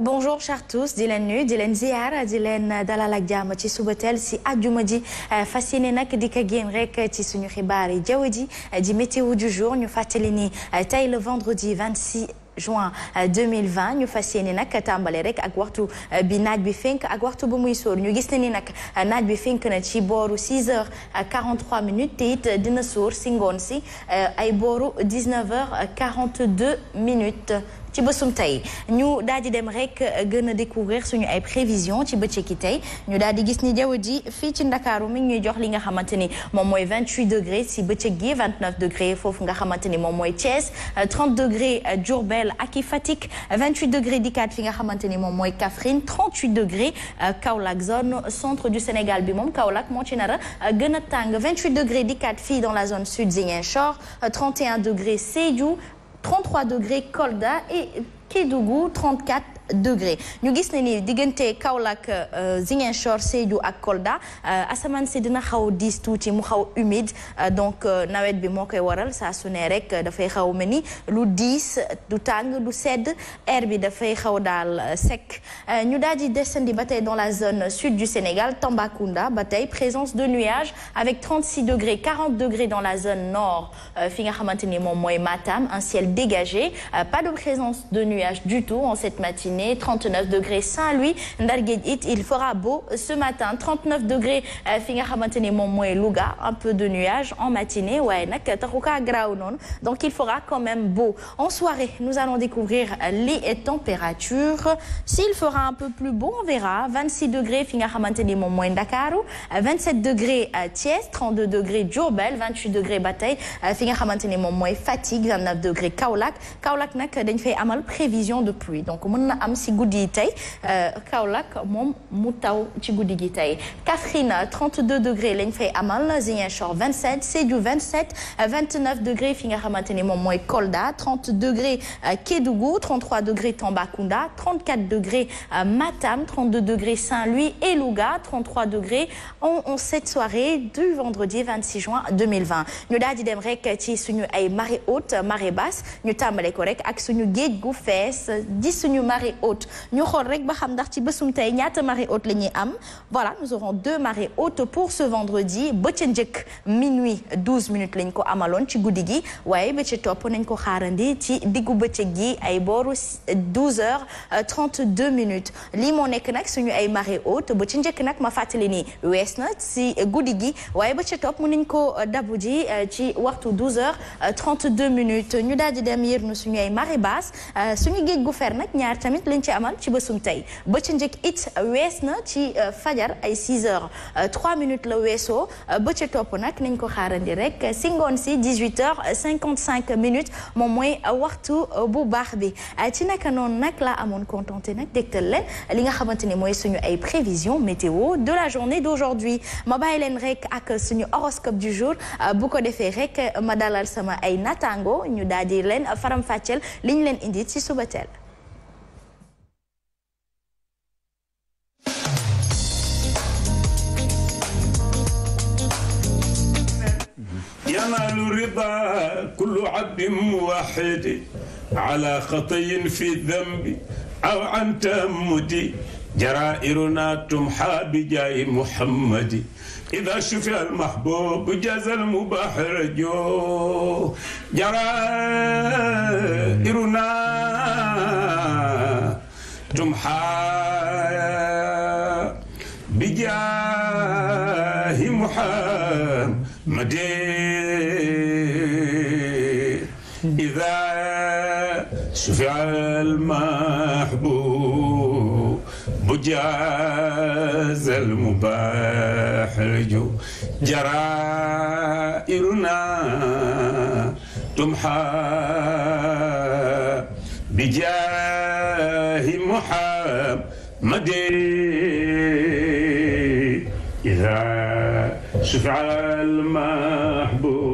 bonjour chers tous di leen nuyu di leen ziar di leen dalal ak jàmm ci suba teel si àjjuma ji eh, fas yéene nag di ko rek ci suñu xibaar yi jaww ji eh, di météo du jour ñu fàttali ni eh, tey le vendredi 26 juin 2020 ñu fas yéene nag tàmbale rek ak waxtu bi naaj bi fenk ak waxtu bu muy sóor ñu gis ne ni nag naaj bi fenk na ci booru 6 heures 43 minutes te it dina sóor si ngoon si ay booru 19 heures 42 minutes. ci bésum tey ñu daal di dem rek euh, gën a découvrir suñu ay prévisions ci bëccëg ki tey ñu daal di gis ni jaww ji fii ci Ndakaaru mi ngi ñuy jox li nga xamante ni moom mooy 28 degré si bëccëg gi 29 degré foofu nga xamante ni moom mooy Thiès 30 euh, degré euh, Diourbel ak i Fatick 28 degré dikkaat fi nga xamante ni moom mooy Kaffrine 38 degré Kaolack zone centre du Sénégal bi moom Kaolack moo ci nara gën a tàng 28 degré dikkaat fii dans la zone sud Ziguinchor 31 degré Sédhiou 33 degrés Kolda et Kédougou, 34 degré ñu gis ne ni diggante Kaolack euh, Ziguinchor Sédhiou ak Kolda euh, asamaan si dina xaw diis tuuti mu xaw humide euh, donc nawet bi moo koy waral saa su ne rek dafay xaw mel ni lu diis du tàng du sedd air bi dafay xaw daal sec ñu daal di descendi ba tey dans la zone sud du Sénégal Tambacounda ba tey présence de nuage avec 36 degrés 40 degrés dans la zone nord fi nga xamante ni moom mooy Matam un ciel dégagé pas de présence de nuages du tout en cette matinée Guinée 39 degré saint Ndar Géej it il fera beau ce matin 39 degré euh, fi nga xamante ni moom mooy Louga un peu de nuage en matinée waaye nag taxu kaa garaaw noonu donc il fera quand même beau en soirée nous allons découvrir les températures s'il fera un peu plus beau on verra 26 degrés fi nga xamante ni moom mooy Ndakaaru 27 euh, degrés euh, Thiès 32 degrés Diourbel 28 degrés Bataille fi nga xamante ni moom mooy Fatick 29 degrés Kaolack Kaolack nag dañ fay amal prévision de pluie am si guddi tey euh, Kaolack moom mu taw ci guddi gi tey Kaffrine 32 degré lañ fay amal Ziguinchor 27 Sédhiou 27 29 degré fi nga xamante ni moom mooy Kolda 30 degré euh, Kédougou 33 degré Tambacounda 34 degré euh, Matam 32 degré Saint-Louis et Louga 33 degré on on cette soirée du vendredi 26 juin 2020 ñu daal di dem rek ci suñu ay marée haute marée basse ñu haute ñu xool rek ba xam ndax ci bésum tey ñaata marée haute la ñuy am voilà nous aurons deux marées hautes pour ce vendredi ba ca njëkk minuit 12 minutes lañ ko amaloon ci guddi gi waaye ba ci topp nañ ko xaarandi ci diggu bëccëg gi ay booru 12 heures 32 euh, minutes lii moo nekk nag suñu ay marée haute ba ci njëkk nag ma fàttali ni wees na si guddi gi waaye ba ci topp mën nañ ko euh, dabu ji euh, ci waxtu 12 heures 32 minutes ñu daal di dem yërnu suñu ay marée basse suñu géej gu fer nag ñaar tamit lañ ci amal ci bésum tey ba ca njëkk it wees na ci euh, fajar ay 6 heures 3 euh, minutes la weesoo euh, ba ca topp nag nañ ko xaarandi rek si si 18 heures 55 minutes moom mooy waxtu bu baax bi ci naka noonu nag la amoon contenté nag dégtal leen li nga xamante ni mooy suñu ay prévisions météo de la journée d'aujourd'hui ma bàyyi leen rek ak suñu horoscope du jour bu ko defee rek ma sama ay natango ñu daal di leen faram fàcceel liñ leen indi ci suba teel الرضا كل عبد موحد على خطي في الذنب أو عن تأمد جرائرنا تمحى بجاه محمد إذا شفع المحبوب جاز المباح رجوه جرائرنا تمحى بجاه محمد إذا شفع المحبوب بجاز المباح رجو جرائرنا تمحى بجاه محمد إذا شفع المحبوب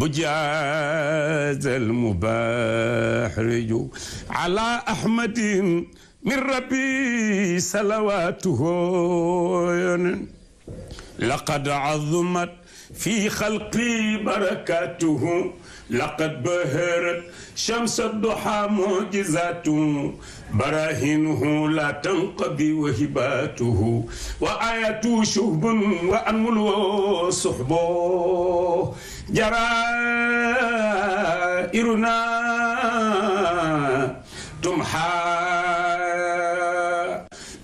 مجاز المبحرج على أحمد من ربي صلواته لقد عظمت في خلقي بركاته لقد بهرت شمس الضحى معجزاته براهينه لا تنقضي وهباته وآياته شهب وأنمل صحبه جرائرنا تمحى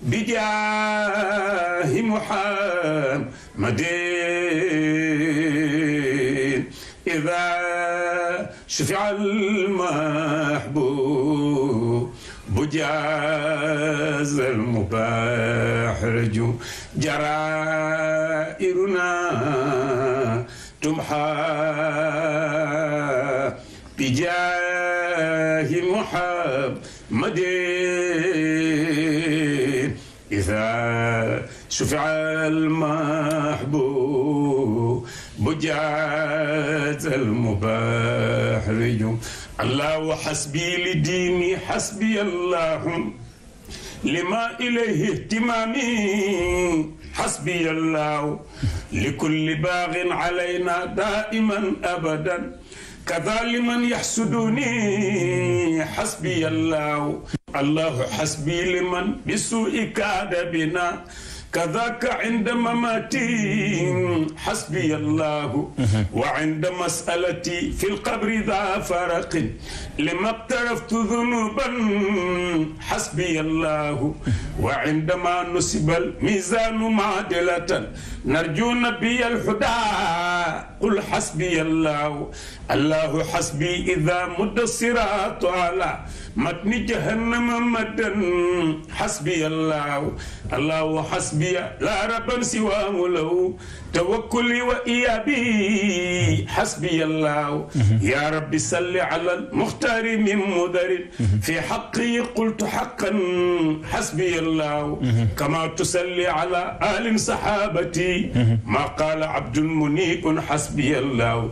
بجاه محمد إذا شفع المحبوب بجاز المباحرج جرائرنا تمحى بجاه محمد إذا شفع المحبوب مجاز المباحرج الله حسبي لديني حسبي الله لما إليه اهتمامي حسبي الله لكل باغ علينا دائما أبدا كذا لمن يحسدوني حسبي الله الله حسبي لمن بسوء كاد بنا كذاك عند مماتي حسبي الله وعند مسألتي في القبر ذا فرق لما اقترفت ذنوبا حسبي الله وعندما نسب الميزان معدلة نرجو نبي الهدى قل حسبي الله الله حسبي إذا مد الصراط على matni jahannama maddan xasbiya allahu allahu xasbiya laa rabban siwaahu law tawakkuli wa iyaabi xasbiya allahu mhm. yaa rabbi salli ala almuxtaari min mudarin mhm. fi xaqi qultu xaqan xasbiya allahu mhm. kama tusalli ala alin saxaabati maa qaala abdun munibun xasbiya allahu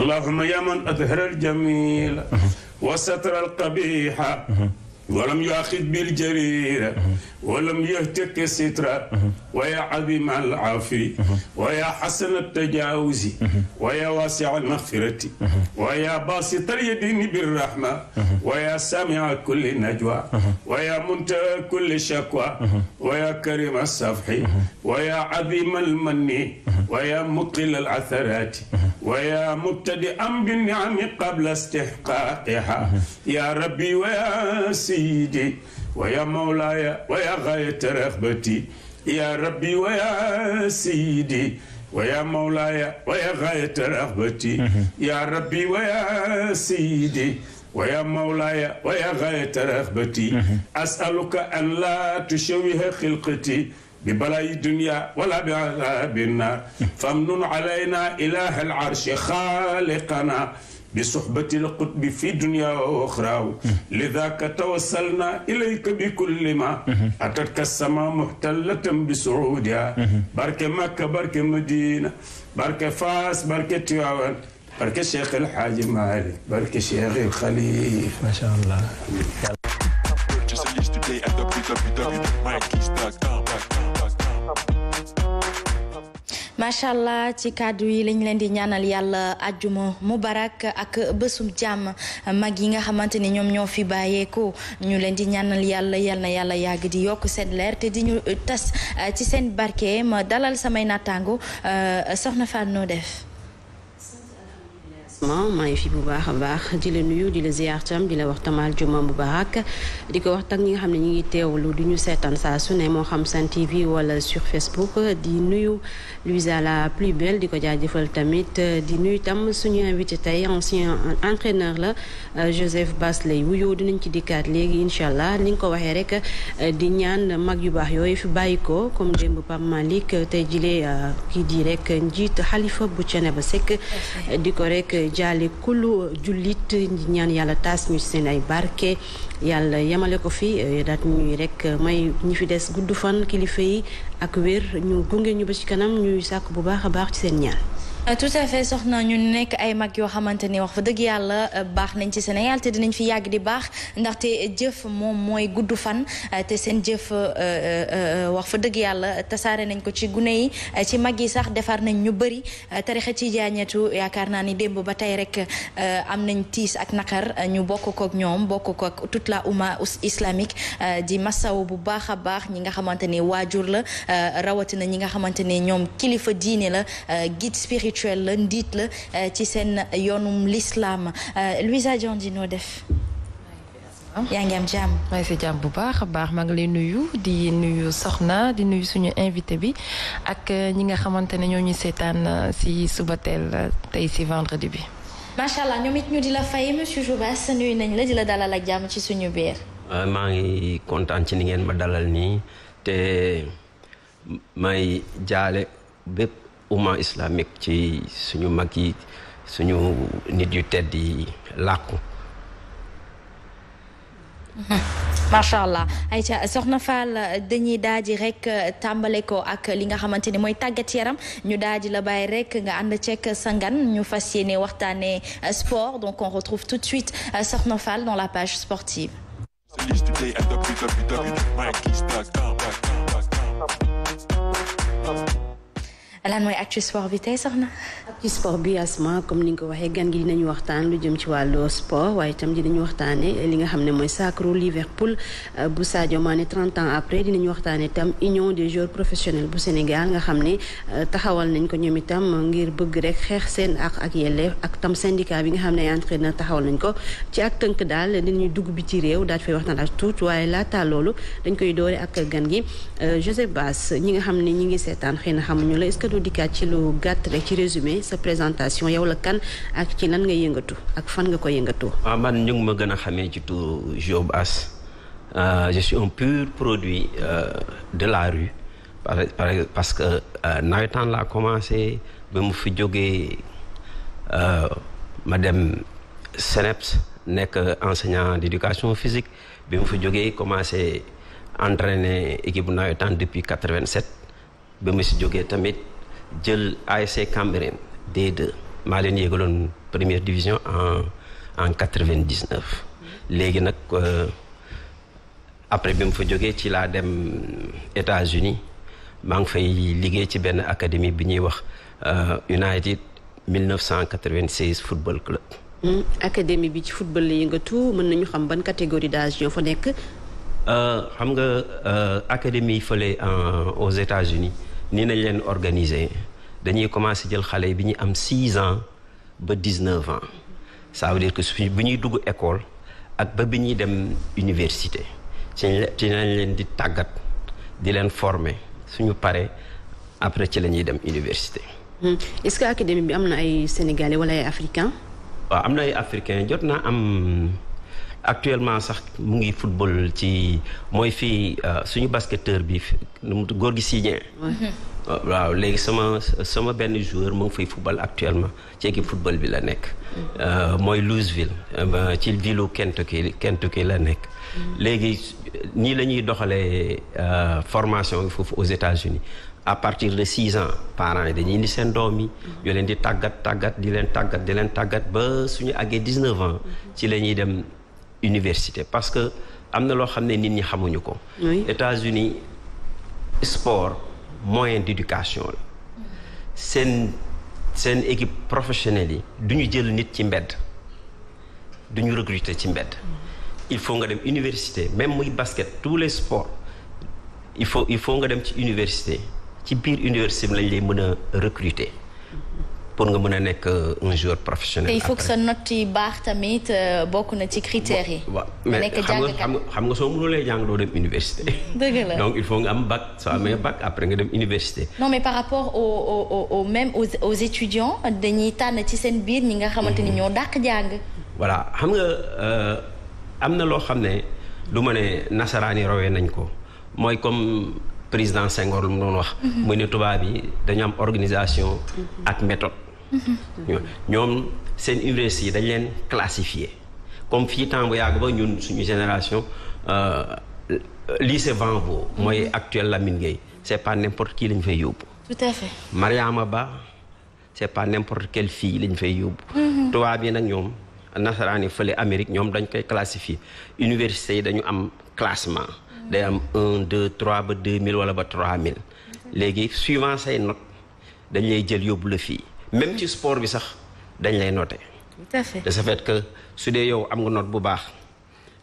allahuma yaa man adhara aljamila وستر القبيح ولم يأخذ بالجريرة ولم يهتك السترة ويا عظيم العافي ويا حسن التجاوز ويا واسع المغفرة ويا باسط اليدين بالرحمة ويا سامع كل نجوى ويا منتهى كل شكوى ويا كريم الصفح ويا عظيم المن ويا مقل العثرات ويا مبتدئا بالنعم قبل استحقاقها يا ربي ويا سيدي سيدي ويا مولاي ويا غاية رغبتي يا ربي ويا سيدي ويا مولاي ويا غاية رغبتي يا ربي ويا سيدي ويا مولاي ويا غاية رغبتي أسألك أن لا تشوه خلقتي ببلاي الدنيا ولا بعذاب النار فامنن علينا إله العرش خالقنا بصحبة القطب في دنيا وأخرى لذاك توصلنا إليك بكل ما أتتك السماء محتلة بسعودها بارك مكة بارك مدينة بارك فاس بارك تيوان بارك الشيخ الحاج مالك بارك الشيخ الخليل ما شاء الله macha allah ci kàddu yi lañ leen di ñaanal yàlla ajjuma mubarak ak bésum jàmm mag yi nga xamante ni ñoom ñoo fi bàyyeekoo ñu leen di ñaanal yàlla yal na yàlla yàgg di yokk seen leer te di ñu uh, tas uh, ci seen barke ma dalal samay nattaango uh, soxna Fatou noo def. développement maa ngi fi bu baax a baax di la nuyu di la ziar tam di la wax tamal juma di ko wax tak ñi nga xam ne ñu ngi teewlu du ñu seetaan saa su ne moo xam Sen TV wala sur Facebook di nuyu Luisa la plus belle di ko jaajëfal tamit di nuyu tam suñu invité tey ancien entraîneur la Joseph Basley wuyoo nañ ci dikkaat léegi incha allah ni nga ko waxee rek di ñaan mag yu baax yooyu fi bàyyi ko comme démb Pape Malick tey jilee kii di rek njiit xalifa bu Thiénaba jaale kulu jullit ñaan yàlla taas ñu seen ay barke yàlla yemale ko fi eh, daat ñuy rek may ñi fi des gudd fan kilifa yi ak wér ñu gunge ñu ba ci kanam ñuy sàkk bu baax a baax ci seen ñaan Euh, tout à fait soxna ñu nekk ay mag yoo xamante ni wax fa dëgg yàlla euh, baax nañ ci Sénégal te dinañ fi yàgg di baax ndaxte jëf moom mooy gudd fan euh, te seen jëf wax fa dëgg yàlla tasaare nañ ko ci gune yi ci mag yi sax defar nañ ñu bëri tarixa ci jaañeetu yaakaar naa ni démb ba tey rek am nañ tiis ak naqar ñu bokk kook ñoom bokk kook tout la umma islamique di masaw bu baax a baax ñi nga xamante ni waajur la rawatina ñi nga xamante ni ñoom kilifa diine la guide spirituel la ndiit la euh, ci seen yoonum lislaam euh, Louisa Diandi noo def yaa ngi am jàmm. maa ngi si jàmm bu baax baax maa ngi lay nuyu di nuyu soxna di nuyu suñu invité bi ak euh, ñi nga xamante ne ñoo ñu seetaan si suba teel tey si vendredi bi. macha allah ñoom it ñu di la fay monsieur Joubas nuyu nañ la di la dalal ak jàmm ci suñu biir. maa ngi kontaan ci ni ngeen ma dalal nii te may jaale bépp. umma islamique ci suñu mag yi suñu nit yu tedd yi làkku macha allah Aïcha dañuy daal di rek tàmbale ko ak li nga xamante ni mooy tàggat yaram ñu daal di la bàyyi rek nga ànd ceeg sa ngan ñu fas yéene waxtaanee sport donc on retrouve tout de suite soxna dans la page sportive. lan mooy actu sport bi tey soxna. actu sport bi asma comme ni nga ko waxee gan gi dinañu waxtaan lu jëm ci wàllu sport waaye itam li nga xam ne mooy sacre Liverpool euh, bu Sadio Mané 30 ans après dinañu waxtaanee itam union des joueurs professionnels bu Sénégal nga xam ne euh, taxawal nañ ko ñoom itam ngir bëgg rek xeex seen ak ak yelleef ak tam syndicat bi nga xam ne ay entraîneur taxawal nañ ko ci ak tënk daal dinañu dugg bi ci réew daal fa fay waxtaan ak tuut waaye laataa loolu dañ koy doore ak gan gi euh, Joseph Bass ñi nga xam ne ñi ngi seetaan xëy na xamuñu la est ñu dikkaat ci lu gàtt rek ci résumé sa présentation yow la kan ak ci lan nga yëngatu ak fan nga ko yëngatoo. waaw man ñu ngi ma gën a xamee ci tout Job As euh, je un pur produit euh, de la rue parce que euh, nawetaan la commencé ba mu fi jógee ma dem CNEPS nekk enseignant d'éducation physique bi mu fi jógee commencé entraîner équipe nawetaan depuis 87 ba mu si jógee tamit jël ASC Cambérène D2 maa leen yéegaloon première division en en quatre vingt dix léegi nag euh, après bi mu fa jógee ci laa dem États-Unis maa ngi fay liggéey ci benn académie bi ñuy wax euh, United 1996 football club. Hmm, académie bi ci football la yëngatu mën nañu xam ban catégorie d'âge ñoo fa nekk. Euh, xam nga académie yi fële aux États-Unis nii nañ leen organiser. dañuy commencé jël xale yi bi ñuy am 6 ans ba 19 ans ça veut dire que su bi ñuy dugg école ak ba bi ñuy dem université ci ci lañ leen di tàggat di leen former suñu pare après ci la ñuy dem université. Hmm. est-ce que académie bi am na ay sénégalais wala ay africains. waaw am na ay africains jot naa am. actuellement sax mu ngi football ci mooy fii euh, suñu basketteur bi nu mu góor gi Sidien waaw léegi sama sama benn joueur moom ngi fay football actuellement ci football bi la nekk. Euh, mooy Louisville euh, ci ville Kentucky Kentucky la nekk. léegi nii la ñuy doxalee euh, formation bi foofu aux États-Unis à partir de six ans parents yi dañuy indi seen doom yi. ñu leen di tàggat tàggat di leen tàggat di leen tàggat ba suñu àggee dix-neuf ans. ci la ñuy dem université parce que am na loo xam ne nit ñi xamuñu ko. États-Unis sport. moyen d'éducation la seen seen équipe professionnelle yi du ñu jël nit ci mbedd du ñu recruter ci mbedd il faut nga dem université même muy basket tous les sports il faut il faut nga dem ci université ci biir université bi lañ lay mën a recruter pour nga mën a nekk euh, un joueur professionnel. te il faut que sa note yi baax tamit euh, bokk na ci critères yi. mais xam nga xam nga soo mënulee jàng doo dem université. donc il faut nga am bac soo amee bac après nga dem université. non mais par rapport au au au même aux aux étudiants dañuy tànn ci seen biir ñi nga xamante ni mhm. ñoo dàq jàng. voilà xam nga euh, am na loo xam ne lu ma ne nasaraan yi rawee nañ ko mooy comme. président Senghor lu mu doon wax mhm. muy ne tubaab yi dañu am organisation ak méthode Mm-hmm. ñoom seen université yi dañ leen classifié comme fii temps bu ba ñun suñu génération euh, lycée Vanvo mm-hmm. mooy actuel Lamine Gueye c'est pas n'importe qui lañ fay yóbbu. tout à fait Mariama Ba c'est pas n'importe quelle fille lañu fay yóbbu. Mm-hmm. tubaab yi nag ñoom nasaraani fële Amérique ñoom dañ koy classifié université yi dañu am classement. day am un deux trois ba deux mille wala ba trois mille. léegi suivant say notes dañ lay jël yóbbu la fii. même ci sport bi sax dañ lay note tout à fait que su dee yow am nga not bu baax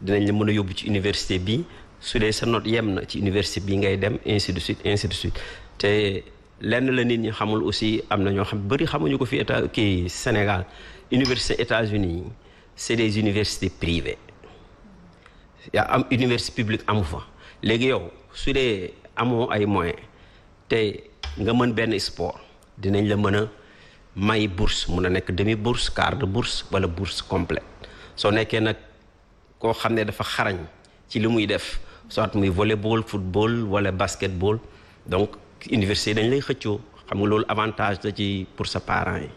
dinañ la mën a yóbbu ci université bi su dee sa note yem na ci université bi ngay dem ainsi de suite te lenn la nit ñi xamul aussi am na ñoo xam bëri xamuñu ko fi état kii Sénégal université États-Unis c'est des universités privées yaa am université publique amu fa léegi yow su dee amoo ay moyens te nga mën benn sport dinañ la mën a. may bourse mun na nekk demi bourse quart de bourse wala bourse complet soo nekkee nag koo xam ne dafa xarañ ci li muy def soit muy volleyball football wala basketball donc université dañ lay xëccoo xam nga loolu avantage la ci pour sa parents yi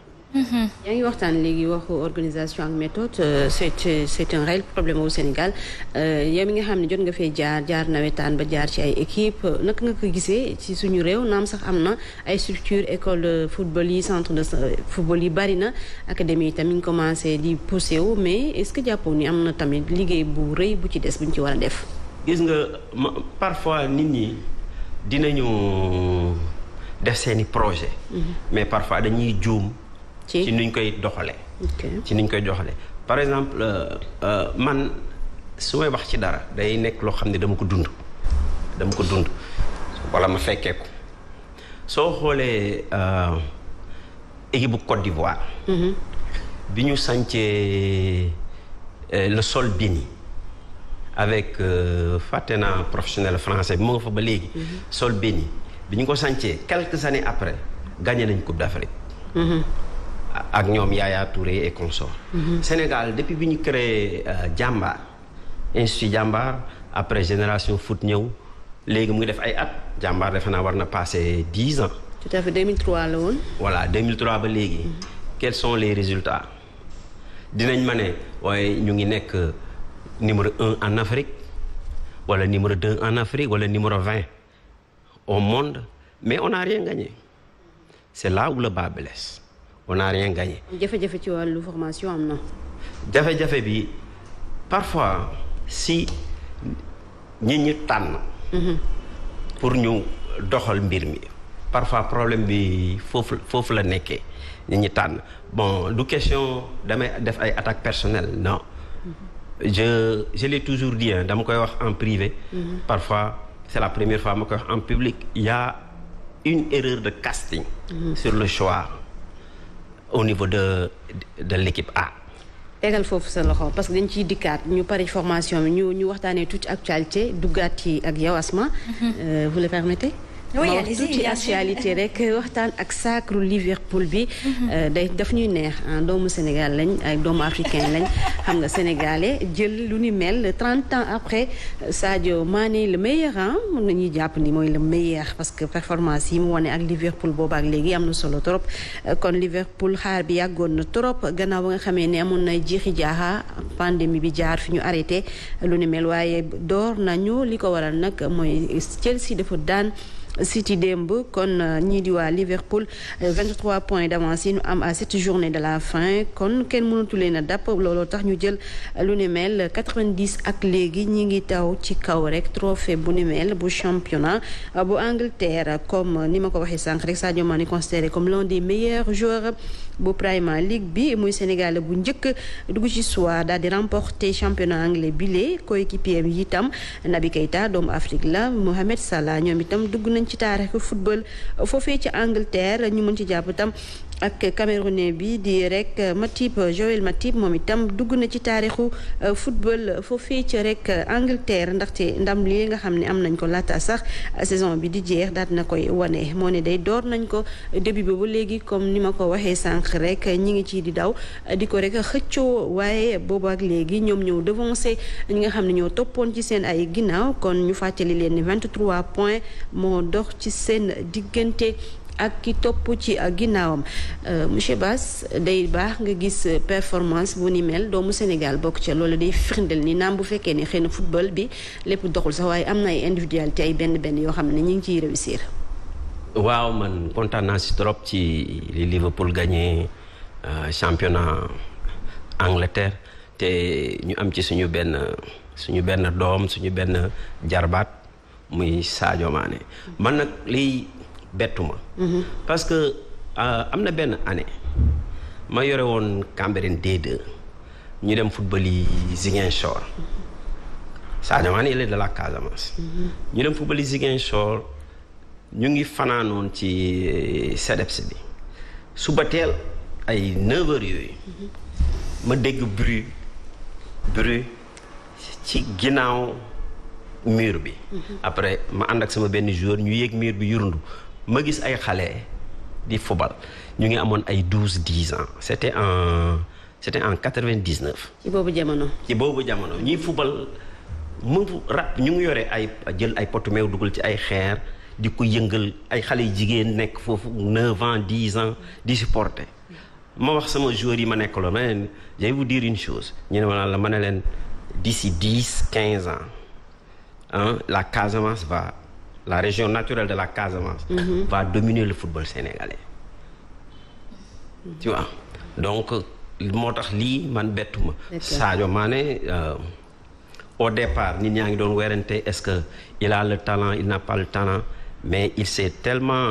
yaa ngi waxtaan léegi waxu organisation ak méthode euh, c'est euh, c'est un réel problème au Sénégal euh, yow mi nga xam ne jot nga fee jaar jaar nawetaan ba jaar ci ay équipe naka nga ko gisee ci suñu réew naam sax am na ay structure école de football yi centre de football yi bari na académie yi tamit commencé di poussé wu mais est-ce que jàppoo ni am na tamit liggéey bu rëy bu ci des buñ ci war a def gis nga parfois nit ñi dinañu def seeni projet mm-hmm. mais parfois dañuy juum ci nuñ koy doxale ci niñ koy doxale par exemple euh, euh, man su may wax ci dara day nekk loo xam ne dama ko dund dama ko dund wala ma fekkee ko soo xoolee euh, équipe bu Côte d'Ivoire mm-hmm. bi ñu sancee le sol béni avec fàtte naa professionnel français bi mu nga fa ba léegi mm-hmm. sol béni bi ñu ko sancee quelques années après gagné nañ Coupe d'Afrique mm-hmm. ak ñoom Yaya Touré et consorts. Mhm. Sénégal depuis bi ñu créé euh, Jambar institut Jambar après génération foot ñëw léegi mu ngi def ay at Jambar defe naa war na passé dix ans. tout à fait 2003 la woon. voilà 2003 ba léegi. Mhm. quels sont les résultats dinañ ma ne waaye ñu ngi nekk euh, numéro un en Afrique wala numéro deux en Afrique wala numéro vingt au monde mais on n'a rien gagné c'est là où le bas on n'a rien jafe-jafe ci wàllu formation am na. jafe-jafe bi parfois si ñi ñu tànn. Mhm. pour ñu doxal mbir mi. parfois problème bi foofu foofu la nekke ñi ñu tànn bon du question damay def ay attaques personnelles non. Mhm. je je l'ai toujours dit dama koy wax en privé. Mhm. parfois c'est la première fois ma koy wax en public. il une erreur de casting. sur le choix. au niveau de de l' équipe A. foofu sa loxo parce que dañ ciy dikkaat ñu pare formation bi ñu ñu waxtaanee tuuti actualité duggaat yi ak yow Asma. Mm-hmm. Euh, vous le permettez. oui allez-y actualité rek waxtaan ak sacre Liverpool bi. Mhm. Euh, day daf ñuy neex doomu Sénégal lañ ay doomu africain lañ xam nga sénégalais jël lu ni mel 30 ans après euh, Sadio Mané la meilleur ah mën nañuy jàpp ni mooy la meilleur parce que performance yi mu wane ak Liverpool ak léegi am na solo trop. Euh, kon Liverpool xaar bi yàggoon na trop gannaaw ba nga xamee ne amoon na jiixi jaaxa pandémie bi jaar fi ñu arrêté lu ni mel waaye door nañu li ko waral nag mooy Chelsea dafa daan. City démb kon euh, ñii diwaa waa Liverpool 23 euh, points d'avance yi ñu am à cette journée de la fin kon kenn mënatu leen a dàpp looloo tax ñu jël lu ni mel 90 ak léegi ñi ngi taw ci kaw rek trophée bu ni mel bu championnat bu Angleterre comme ni ma ko waxee sànq rek sa Sadio Mané considéré comme l'un des meilleurs joueurs bu Premier League bi muy Sénégal bu njëkk dugg ci soir daal di remporter championnat anglais bile coéquipier yi itam Naby Keita doomu Afrique la Mohamed Salah ñoom itam dugg nañ ci taarix football foofee ci Angleterre ñu mën ci jàpp itam ak camerounais bi di rek Matip Joël Matip moom itam dugg na ci taarixu euh, football foofee ci rek Angleterre ndaxte ndam li nga xam ne am nañ ko laata sax saison bi di jeex daat na koy wane moo ne day door nañ ko début bi ba léegi comme ni ma ko waxee sànq rek ñi ngi ci di daw di ko rek xëccoo waaye boobu ak léegi ñoom ñëw devancé ñi nga xam ne ñoo toppoon ci seen ay ginnaaw kon ñu fàttali leen ni 23 points moo dox ci seen diggante. ak ki topp ci ginnaawam euh, monsieur Bass day baax nga gis euh, performance bu ni mel doomu Sénégal bokk ca loolu day firndeel ni naam bu fekkee ni xëy na football bi lépp doxul sax waaye am na ay individualité ay benn benn yoo xam ne ñu ngi ciy réussir. waaw man kontaan si trop ci li Liverpool gagné euh, championnat Angleterre te ñu am ci suñu benn suñu benn doom suñu benn jarbaat muy Sadio Mané man nag lii bettuma parce que euh, am na benn année ma yore woon Cambérène d ñu dem football yi Ziguinchor Sadio Mané il est de la Casamance ñu dem football yi Ziguinchor ñu ngi fanaanoon ci euh, CDEPS bi suba teel ay 9 yooyu ma dégg bruit bruit ci ginnaaw mur bi après ma ànd ak sama benn joueur ñu yéeg mur bi yurundu ma gis ay xale di fubal ñu ngi amoon ay douze dix ans c' était en c' en quatre vingt dix neuf. ci boobu jamono. ci boobu jamono ñuy fubal mu rap ñu ngi yore ay jël ay potu dugal ci ay xeer di ko yëngal ay xale yu jigéen nekk foofu neuf ans dix ans di supporter. ma wax sama joueurs yi ma nekkaloon ma ne leen je vais vous dire une chose ñu ne ma la ma ne leen di si dix quinze ans ah la Casamance va. la région naturelle de la Casamance. Mm -hmm. va dominer le football sénégalais. Mm -hmm. donc moo tax lii man bettuma Sadio Mané euh, au départ nit ñaa ngi doon weerante est-ce que il a le talent il n'a pas le talent mais il s'est tellement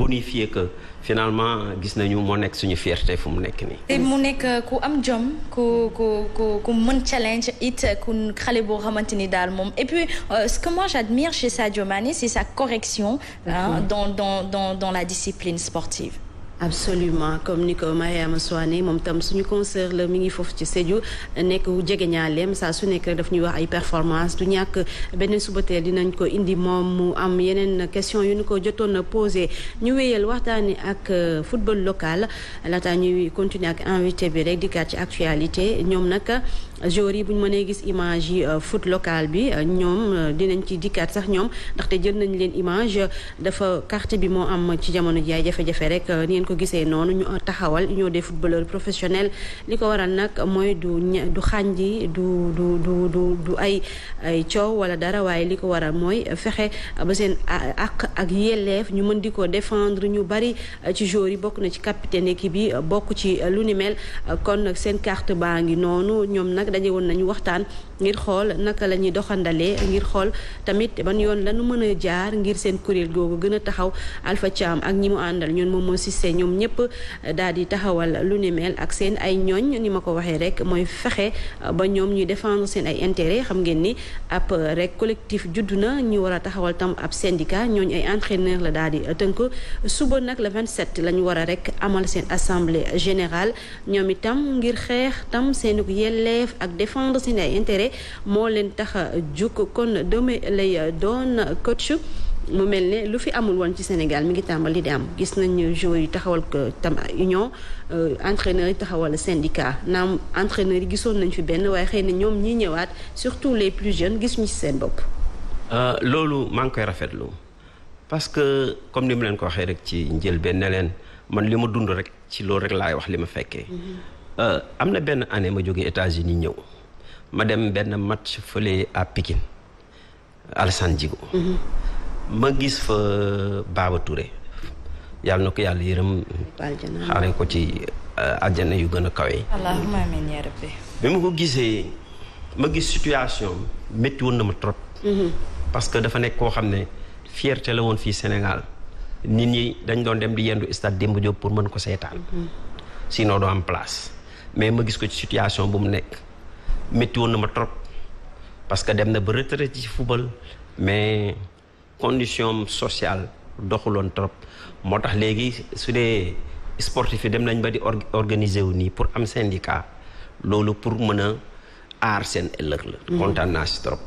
bonifié que finalement gis nañu moo nekk suñu fierté fu mu nekk nii. te mu nekk euh, ku am jom ku ku ku ku mën challenge it euh, ku xale boo xamante ni daal moom et puis euh, ce que moi j'admire chez Sadio Mané c'est sa correction. Hein, mm -hmm. dans dans dans dans la discipline sportive. absolument comme ni ko Mariama Soane moom tam suñu concert la mu ngi foofu ci Sédhiou nekk wu jege ñaaleem saa su nekk rek daf ñuy wax ay performance du ñàkk beneen suba teel dinañ ko indi moom mu am yeneen question yu ñu ko jotoon na posé ñu waxtaan waxtaani ak euh, football local lataa ñuy continuer ak invité bi rek dikkaat ci actualité ñoom nag joueurs yi bu ñu mënee gis image yi euh, foot local bi euh, ñoom dinañ ci dikkaat sax ñoom ndaxte jël nañ leen image dafa carte bi moo am ci jamono ji ay ko gisee noonu ñu taxawal union des footballeurs professionnels li ko waral nag mooy du du xànji du du du du du ay ay coow wala dara waaye li ko waral mooy fexe ba seen àq ak yelleef ñu mën di ko defendre ñu bari ci joueurs yi bokk na ci capitaine équipe bi bokk ci lu ni mel kon nag seen carte baa ngi noonu ñoom nag daje woon nañu waxtaan ngir xool naka lañuy ñuy ngir xool tamit ban yoon lañu mën jaar ngir seen kuréel googu gën a taxaw Alpha Thiam ak ñi àndal ñoom ñëpp eh, daal di taxawal lu ni mel ak seen ay ñooñ ni ma ko waxee rek mooy fexe eh, ba ñoom ñuy défendre seen ay intérêt xam ngeen ni ab eh, rek collectif juddu na ñu war a taxawal tam ab syndicat ñooñ ay entraîneur la daal di tënk suba nag le 27 la ñu war a rek amal seen assemblée général ñoom itam ngir xeex tam seen yelleef ak défendre seen ay intérêt moo leen tax a jukk kon demee lay doon coach mu mel ni lu fi amul woon ci Sénégal mi ngi tàmbali di am gis nañu joueurs yi taxawal ko tam union euh, entraîneurs yi taxawal syndicat naa entraîneurs yi gisoon nañ fi benn waaye xëy na ñoom ñi ñëwaat surtout les plus jeunes gis ñu ci seen bopp. Euh, loolu maa ngi koy rafetlu parce que comme ni mu leen ko waxee rek ci njëlbeen ne leen man li ma dund rek ci loolu rek laay wax li ma fekkee. Mm-hmm. Euh, am na benn année ma jógee États-Unis ñëw ma dem benn match fële à Pikine ma gis fa Baba Touré yàlla na ko yàlla yërëm xaare ko ci àjjana eh, yu gën a kawe bi ma ko gisee ma gis situation métti woon na ma trop mhm. parce que dafa nekk koo xam ne fierté la woon fii Sénégal nit ñi dañ doon dem di yendu stade Demba Diop pour mën ko seetaan mhm. sinon doo am place mais ma gis ko ci situation bu mu nekk métti woon na ma trop parce dem na ba retraité ci football mais condition sociale doxuloon trop moo tax léegi su dee sportifie dem nañ ba di organiser wu nii pour am syndicat loolu pour mën a aar seen ëllëg la mhm. kontaan naa si trop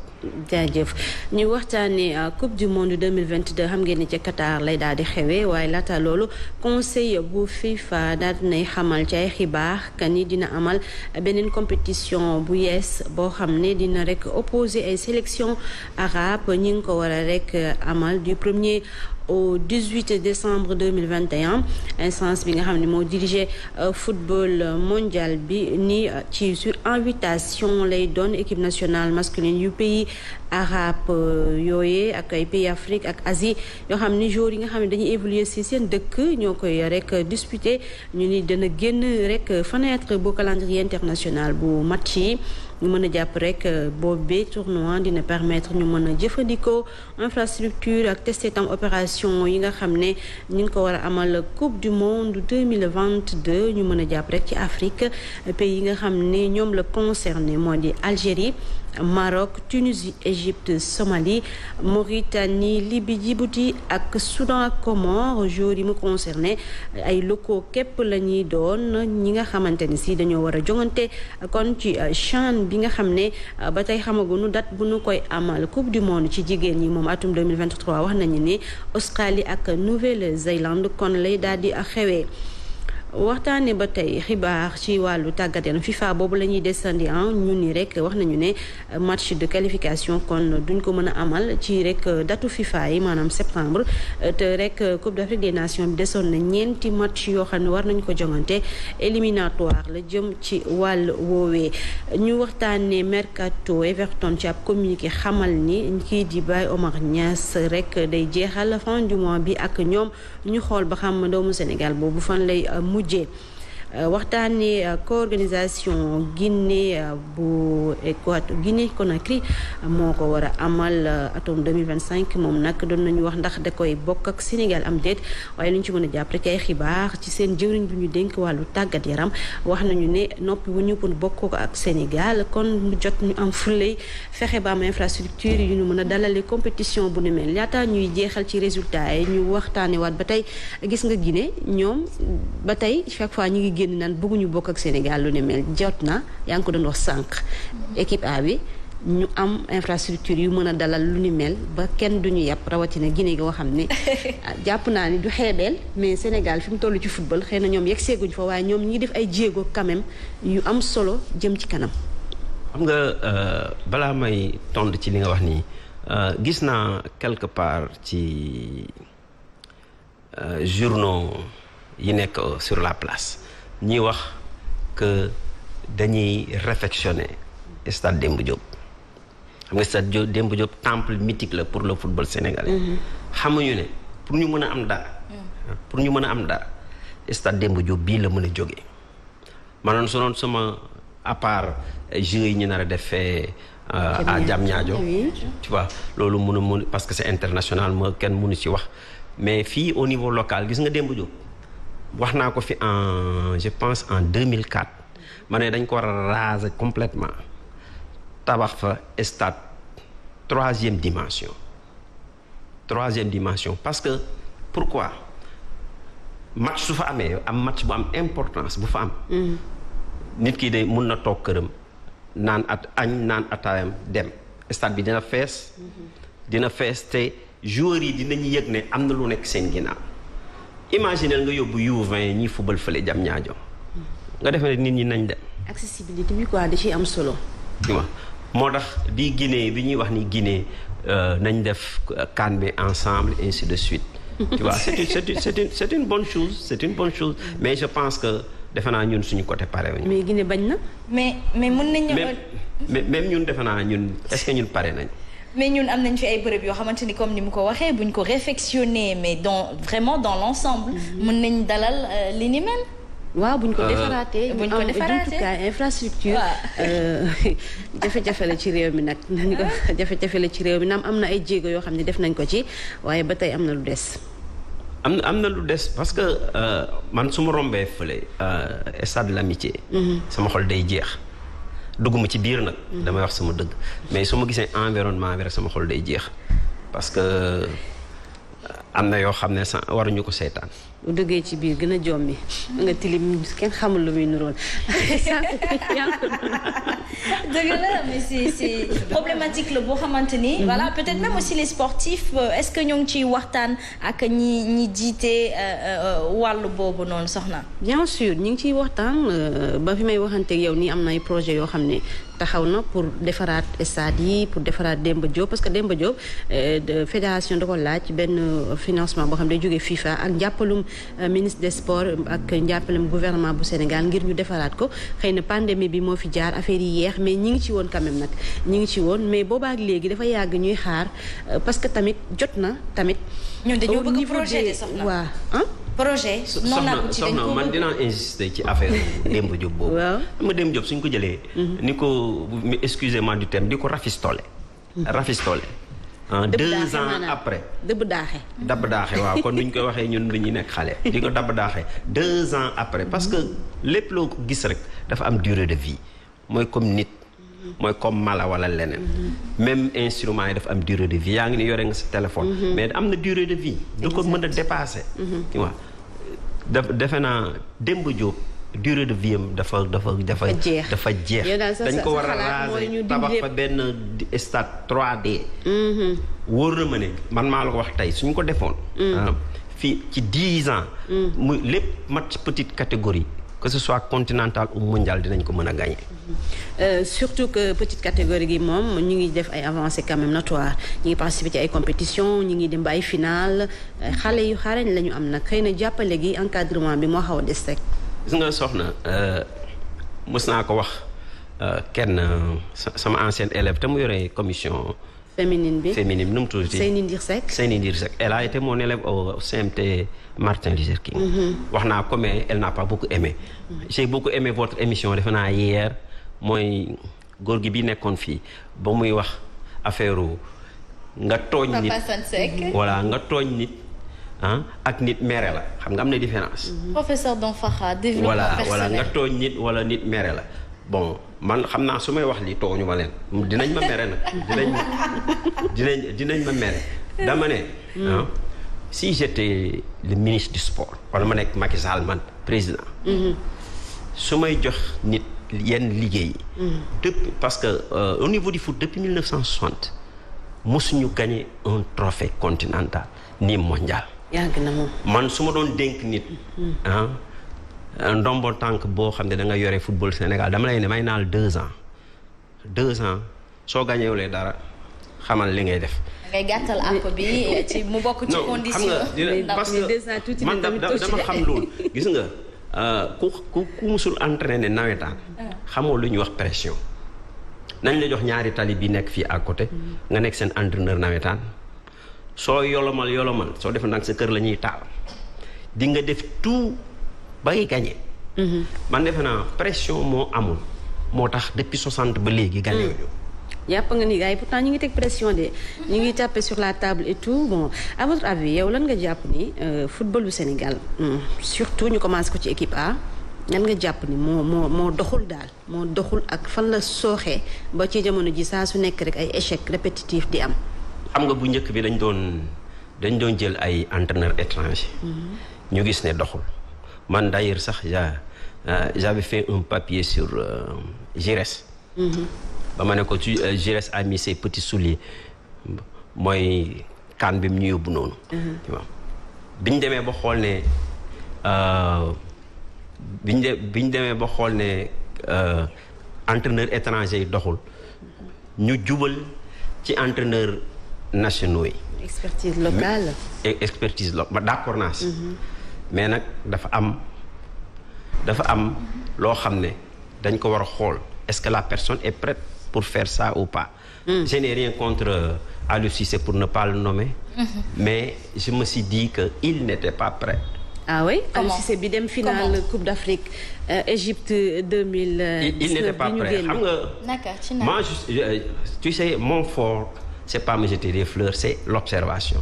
jaajëf ñu waxtaanee euh, coupe du monde 2022 xam ngeen ni ca Qatar lay daal di xewee waaye laata loolu conseil bu FIFA daal di nay xamal ci ay xibaax que ni dina amal beneen compétition bu yees boo xam ne dina rek opposé ay sélection arabe ñi ngi ko war a rek euh, amal du premier au 18 décembre 2021 instance bi nga xam ne moo dirigé euh, football mondial bi ni euh, ci sur invitation lay doon équipe nationale masculine yu pays arabe euh, yooyee ak ay pays Afrique ak Asie yoo xam ni joueurs yi nga xam ne dañuy évoluer ci seen dëkk ñoo koy rek disputé ñu ni dana génn rek fenêtre bu calendrier international bu match yi ñu mën a jàpp rek euh, boobee tournoi dina permettre ñu mën a jëfandikoo infrastructure ak testé tam opération yi nga xam ne ñu ngi ko war a amal coupe du monde deux ñu mën a jàpp rek ci Afrique euh, pays yi nga xam ne ñoom la concerné moo di Algérie Maroc Tunisie Égypte Somalie Mauritanie Libye Djibouti ak Soudan Comores joueurs yi mu concerné ay locaux képp la ñuy doon ñi nga xamante ni si dañoo war a jongante kon ci euh, CHAN bi nga xam ne euh, ba tey xamaguñu date bu nu koy amal coupe du monde ci jigéen ñi moom atum 2023 wax nañu ni Australie ak Nouvelle-Zélande kon lay daal di xewee. waxtaanee ba tey xibaar ci wàllu tàggat yaram FIFA boobu la ñuy descendi en ah, ñu ni rek wax nañu ne match de qualification kon duñ ko mën a amal ci rek datu FIFA yi maanaam septembre te rek Coupe d'Afrique des Nations bi desoon na ñeenti match yoo xam ne war nañ ko jongante éliminatoire la jëm ci wàll woowee ñu waxtaanee mercato Everton ci ab communiqué xamal ni kii di Baye Omar ñaas rek day jeexal fin du bi ak ñoom ñu xool ba xam doomu mujjee Euh, waxtaanee euh, co-organisation Guinée euh, bu Équateur Guinée Conakry moo ko war a amal atum 2025 moom nag doon nañu wax ndax da koy bokk ak Sénégal am déet waaye lu ñu ci mën a jàpp rek ay xibaar ci seen jëwriñ bu ñu dénk wàllu tàggat yaram wax nañu ne noppi wu ñu pour bokk ko ak Sénégal kon jot ñu am fulay fexe ba am infrastructure yu ñu mën a dalale compétition bu ni mel laata ñuy jeexal ci résultat yi ñu waxtaanee waat ba tey gis nga Guinée ñoom ba tey chaque fois ñu génn naan bëgguñu bokk ak Sénégal lu ne mel jot na yaa ngi ko doon wax sànq. Mm-hmm. équipe A bi ñu am infrastructure yu mën a dalal lu ni mel ba kenn duñu yàpp rawatina Guinée goo xam ne ah, jàpp naa ne du xeebeel mais Sénégal fi mu toll ci football xëy na ñoom yegg seeguñ fa waaye ñoom ñi def ay jéego quand yu am solo jëm ci kanam. xam nga euh, balaa may tond ci li nga wax nii euh, gis naa quelque part ci euh, journaux yi nekk sur la place. ñi wax que dañuy réfectionner stade Demba Diop xam nga stade Demba Diop temple mythique la pour le football sénégalais. Mhm. xamuñu ne pour ñu mën a am dara. pour ñu mën a am dara stade Demba Diop bii la mën a jógee maanaam su doon sama à part jeux yi ñu nar a defee. Euh, à Diamniadio tu vois loolu mën a mën parce que c'est international ma kenn mënu ci wax mais fii au niveau local gis nga Demba Diop. wax naa ko fi en je pense en 2004 ma ne dañ ko war a raser complètement tabax fa stade troisième dimension troisième dimension parce que pourquoi match su fa amee am match bu am importance bu fa am mm-hmm. nit kii de mun na toog këram naan at añ naan ataayam dem stade bi dina fees mm-hmm. dina fees te joueurs yi ñu yëg ne am na lu nekk seen ginaa imaginel nga yóbbu U20 ñi fubal fële jam ñaajo nga defe nit ñi nañ dem. accessibilité bi quoi da ciy am solo. moo tax di Guinée bi ñuy wax ni Guinée euh, nañ def euh, CAN bi ensemble ainsi de suite. tu vois c' est une c' est une c' est une chose c' est chose mais je pense que defe ñun suñu côté pare wuñu. mais Guinée bañ na. mais mais mën nañu. même même ñun defe naa ñun est ce que ñun pare nañ mais ñun am nañ fi ay bërëb yoo xamante ni comme ni mu ko waxee buñ ko réfectionné mais dans vraiment dans l'ensemble mhm. mën nañ dalal euh, li ni mel waaw bu euh, ñu ko defaraatee bu ñu ko defaraatee en tout cas euh, jafe-jafe la ci réew mi nag nañu ko jafe-jafe la ci réew mi naam am na ay jéego yoo xam ne def nañ ko ci waaye ba tey am na lu des am na am na lu des parce que man su ma rombee fële stade de l'amitié mhm. sama xol day jeex dugguma ci biir nag. damay wax sama dëgg. mais su ma gisee environnement bi rek sama xol day jeex parce que am na yoo xam ne sa waruñu ko seetaan. bu duggee ci biir gën a jommi. Hmm. nga tilim kenn xamul lu muy nuroon. dëgg la mais c'est c'est problématique la boo xamante ni. Hmm. voilà peut-être même aussi les sportifs euh, est-ce que ñoo ngi ciy waxtaan ak ñi ñi jiite euh, euh, wàll boobu noonu soxna. bien sûr ñu ngi ciy waxtaan ba fi may waxanteeg yow nii am na ay projets yoo xam ne. taxaw na pour defaraat stade yi pour defaraat Demba Diop parce que Demba Diop eh, fédération da ko laaj benn financement boo xam ne day jógee FIFA ak njàppalum eh, ministre des sports ak njàppalum gouvernement bu Sénégal ngir ñu defaraat ko xëy na pandémie bi moo fi jaar affaire yi yeex mais ñi ngi ci woon quand nag ñi ngi ci woon mais boobaak léegi dafa yàgg ñuy xaar eh, parce que tamit jot na tamit ñun dañoo bëgg projet de soxna waa projet non abouti soxna soxna man dinaa insister ci affaire Demba Diop boobu. waaw xam nga Demba Diop suñ ko jëlee. Mhm. ni ko excusez-moi du terme di ko rafistole. Mhm. rafistole. ah deux ans après dëbb daaxe dab daaxe waaw kon nuñ koy waxee ñun bi ñuy nekk xale. di ko dab daaxe deux ans après parce que mhm. lépp loo ko gis rek dafa am durée de vie mooy comme nit. mooy comme mala wala leneen. même instrument yi dafa am durée de vie yaa ngi ni yore nga sa téléphone. Mhm. mais am na dure de vie. du ko mën a dépasser. Mhm. tu defe naa démb Diop dure de vie am dafa dafa dafa. dafa jeex dañ ko war a raser tabax fa benn stade 3D. Mhm. wóor na ma man maa la wax tey suñ ko defoon. Ah, ci 10 ans. muy lépp mat petite catégorie. que ce soit continental ou mondial dinañ ko mën a gagné. Euh, surtout que petite catégorie gi moom ñu ngi def ay avancées quand même notoire ñu ngi participer ci ay compétitions ñu ngi dem ba ay final euh, xale yu xarañ la ñu am nag xëy na jàppale gi encadrement bi moo xaw a des rek. gis nga soxna euh, mës naa ko wax kenn sama ancien élève te mu yore commission. féminine bi féminine bi nu mu tudd ci Seyni Ndir Seck Seyni Ndir Seck elle a été mon élève au CMT Martin Luther King. Mhm. wax naa ko mais elle n'a pas beaucoup aimé. Mhm. j'ai beaucoup aimé votre émission defe naa hier mooy góor gi bi nekkoon fii ba muy wax affaire nga tooñ nit Papa mhm. nga tooñ nit. ah ak nit mere la xam nga am na différence. professeur Don Fara développement personnel tooñ nit wala nit mere la. bon man xam naa su may wax lii tooñu ma leen dinañ ma mere nag dinañ dinañ dinañ ma mere dama ne ah, si j'étais le ministre du sport wala ma nekk Macky man président su may jox nit yenn liggéey depuis parce que euh, au niveau du foot depuis 1960 mosuñu gagné un trophée continental ni mondial man su ma doon dénk nit ah, ndombo tànk boo xam ne dangay nga yore football Sénégal dama lay ne may naal deux ans deux ans soo gañewulee dara xamal li ngay def. ngay gàttal àpp bi ci mu bokk ci condition. parce que man dama xam loolu gis nga euh, ku ku ku musul entraîner nawetaan. Ah. xamoo lu ñuy wax pression. nañ la jox ñaari tali bi nekk fii à côté. Mm-hmm. nga nekk seen entraîneur nawetaan. soo yolomal yolomal soo defee nag sa kër la ñuy taal. di def tout. ba ngay gagné. Mhm. man defe naa pression moo amul moo tax depuis 60 ba léegi gagné mhm. wu nga ni gars yi pourtant ñu ngi teg pression de ñu ngi tapé sur la table et tout bon à votre yow lan nga jàpp ni euh, football bu Sénégal hmm, surtout ñu commencé ko ci équipe A. nan nga jàpp ni moo moo moo doxul daal moo doxul ak fan la sooxee ba ci jamono ji saa su nekk rek ay échec répétitif di am. xam nga bu njëkk bi dañ doon dañ doon jël ay entraîneurs étrangers. Mhm. ñu gis ne doxul. man d'ailleurs sax ja euh, j'avais fait un papier sur euh, Giresse mhm. ba ma ne ko ci euh, Giresse a mis ses petits mooy kaan bi mu ñu yóbbu noonu mhm. bi demee ba xool ne biñ de bi demee ba xool ne entraîneur étranger yi doxul ñu jubal ci entraîneur nationaux yi expertise locale e, expertise locale d'accord naa mhm. mais nag dafa am dafa am loo xam ne dañ ko war a xool est-ce que la personne est prête pour faire ça ou pas hmm. je n'ai rien contre euh, Aliou Cissé pour ne pas le nommer mais je me suis dit que il n'était pas prêt ah bi dem finale Coupe d'Afrique euh, Égypte euh, 2000 il, il n'était pas prêt nga moi je, euh, tu sais mon fort c'est pas l'observation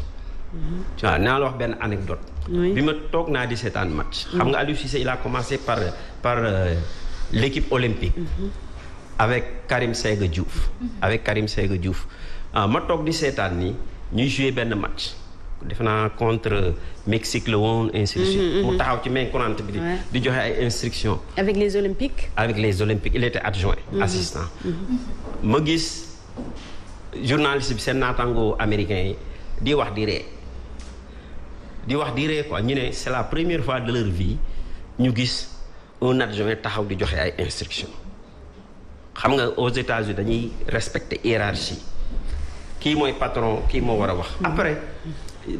mhm. naa la wax benn anecdote bi ma toog naa di seetaan match. xam nga Aliou Cissé il a commencé par par euh, l' olympique. Mm-hmm. avec Karim Séga Diouf. Mm-hmm. avec Karim Diouf ah, ma toog di seetaan ni ñuy joué benn match. def naa contre Mexique la woon ainsi de mm-hmm, mu taxaw ci main courante bi di joxe ay instructions. avec les olympiques. avec les olympiques il était adjoint. Mm assistant. ma gis journaliste bi seen naataango américain yi di wax di ree di wax di ree quoi ñu ne c'est la première fois de leur vie ñu gis un adjoint taxaw di joxe ay instruction xam nga aux États-Unis dañuy respecter hiérarchie kii mooy patron kii moo war a wax mm-hmm. après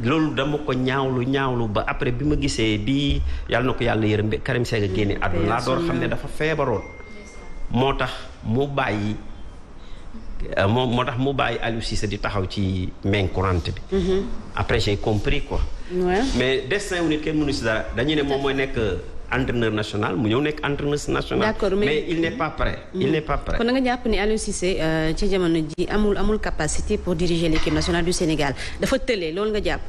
loolu dama ko ñaawlu ñaawlu ba après bi ma gisee bi yàlla na ko yàlla yërëm Karim Séga génne àdduna laa door xam ne dafa feebaroon moo tax mu bàyyi Euh, moom moo tax mu bàyyi Aliou di taxaw ci main courante bi. Mm-hmm. après j'ai compris quoi. mais destin wu nit kenn mënu si dara dañuy ne moom mooy nekk euh, entraîneur national mu ñëw nekk entraîneur national. mais il n'est pas prêt. il mm-hmm. n'est pas prêt kon nga jàpp ni Aliou euh, ci jamono ji amul amul capacité pour diriger l'équipe nationale du Sénégal dafa tëlee loolu nga jàpp.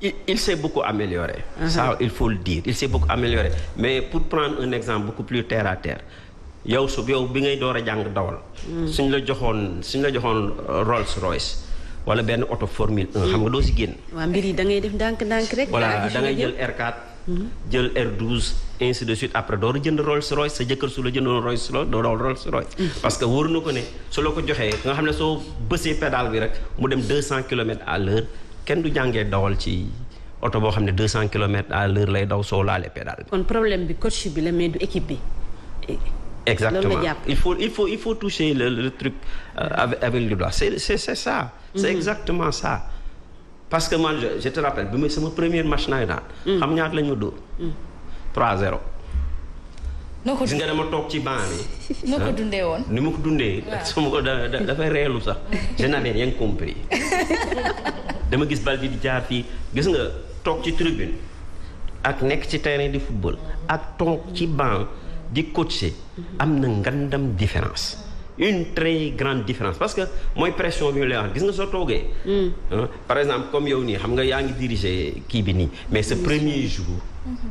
il il s'est beaucoup amélioré. Ah. ça il faut le dire il s'est beaucoup amélioré mais pour prendre un exemple beaucoup yow su yow bi ngay door a jàng dawal. Hmm. suñ la joxoon suñ la joxoon uh, Rolls Royce. wala benn oto formule 1 xam nga doo si génn. Hmm. waa mbir yi da ngay def ndànk-ndànk rek. voilà da ngay jël R4. jël R12 hmm. ainsi de suite après door jënd Rolls Royce sa jëkkër su la jëndoon Rolls Royce doo doon Rolls Royce. parce que wóor na ko ne su la ko joxee nga xam ne soo bësee pédale bi rek mu dem 200 kilomètres à l'heure kenn du jàngee dawal ci. oto boo xam ne 200 kilomètres à l'heure lay daw soo laalee pédale. kon problème bi coach bi exactement il faut il faut il faut toucher le, le truc euh, avec, avec le mhm. exactement ça parce que man je, je bi ma sama première match nawetaan mhm. xam ñaata la ñu dóor 3-0 mhm. noo ko gis nga dama toog ci banc yi noo ko dundee woon. ni ma ko dundee. su ma ko dafay reelu sax. je n'avais rien dama gis bal bi di jaar fii gis nga toog ci tribune ak nekk ci terrain di football ak toog ci banc. di coacher am na ngandam différence une très grande différence parce que mooy pression bi ñu lay gis nga soo toogee. Hmm. par exemple comme yow nii xam nga yaa ngi diriger kii bi nii mais ce premier jour.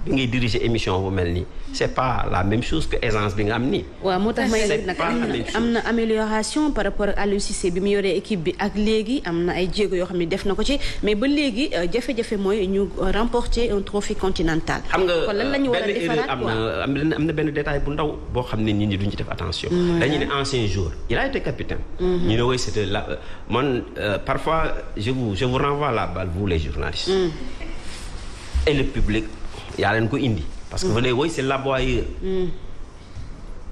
bi ngay diriger émission bu mel nii c'est pas la même chose que aisance bi nga am nii. waaw moo tax may nag am na amélioration par rapport ak Aliou Cissé bi mu yoree équipe bi ak léegi am na ay jéego yoo xam ne def na ko ci mais ba léegi euh, jafe-jafe mooy ñu remporter un trophée continental. xam nga kon lan la ñu euh, war am na am na benn détail bu ndaw boo xam ne nit ñi duñ ci def attention. dañu ne ancien joueur il a été capitaine. Mm-hmm. ñu ne oui c'était la euh, man parfois je vous je vous la balle vous les mm. le public. yaa leen ko indi. parce que vous les voyez c'est l'aboyeur. Mm.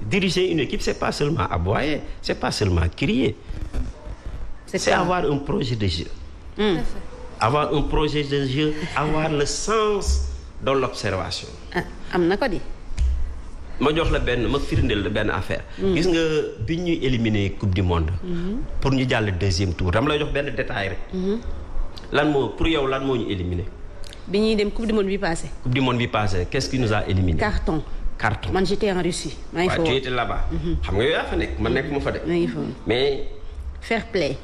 diriger une équipe c'est pas seulement aboyer c'est pas seulement crier. c'est avoir un projet de jeu. Mm. avoir un projet de jeu avoir le sens de l'observation. Ah, am na ko di. ma jox la benn ma firndeel la benn affaire. Mm. gis nga bi ñuy éliminer coupe du monde. Mm-hmm. pour ñu jàll deuxième tour dama lay jox benn détail rek. Mm-hmm. lan moo pour yow lan moo ñu éliminer. bi ñuy dem coupe du monde bi passé. coupe du monde bi passé qu'est-ce qui nous a éliminé. carton carton man j'étais en Russie. maa mhm. xam nga yow yaa nekk de. mais. fair play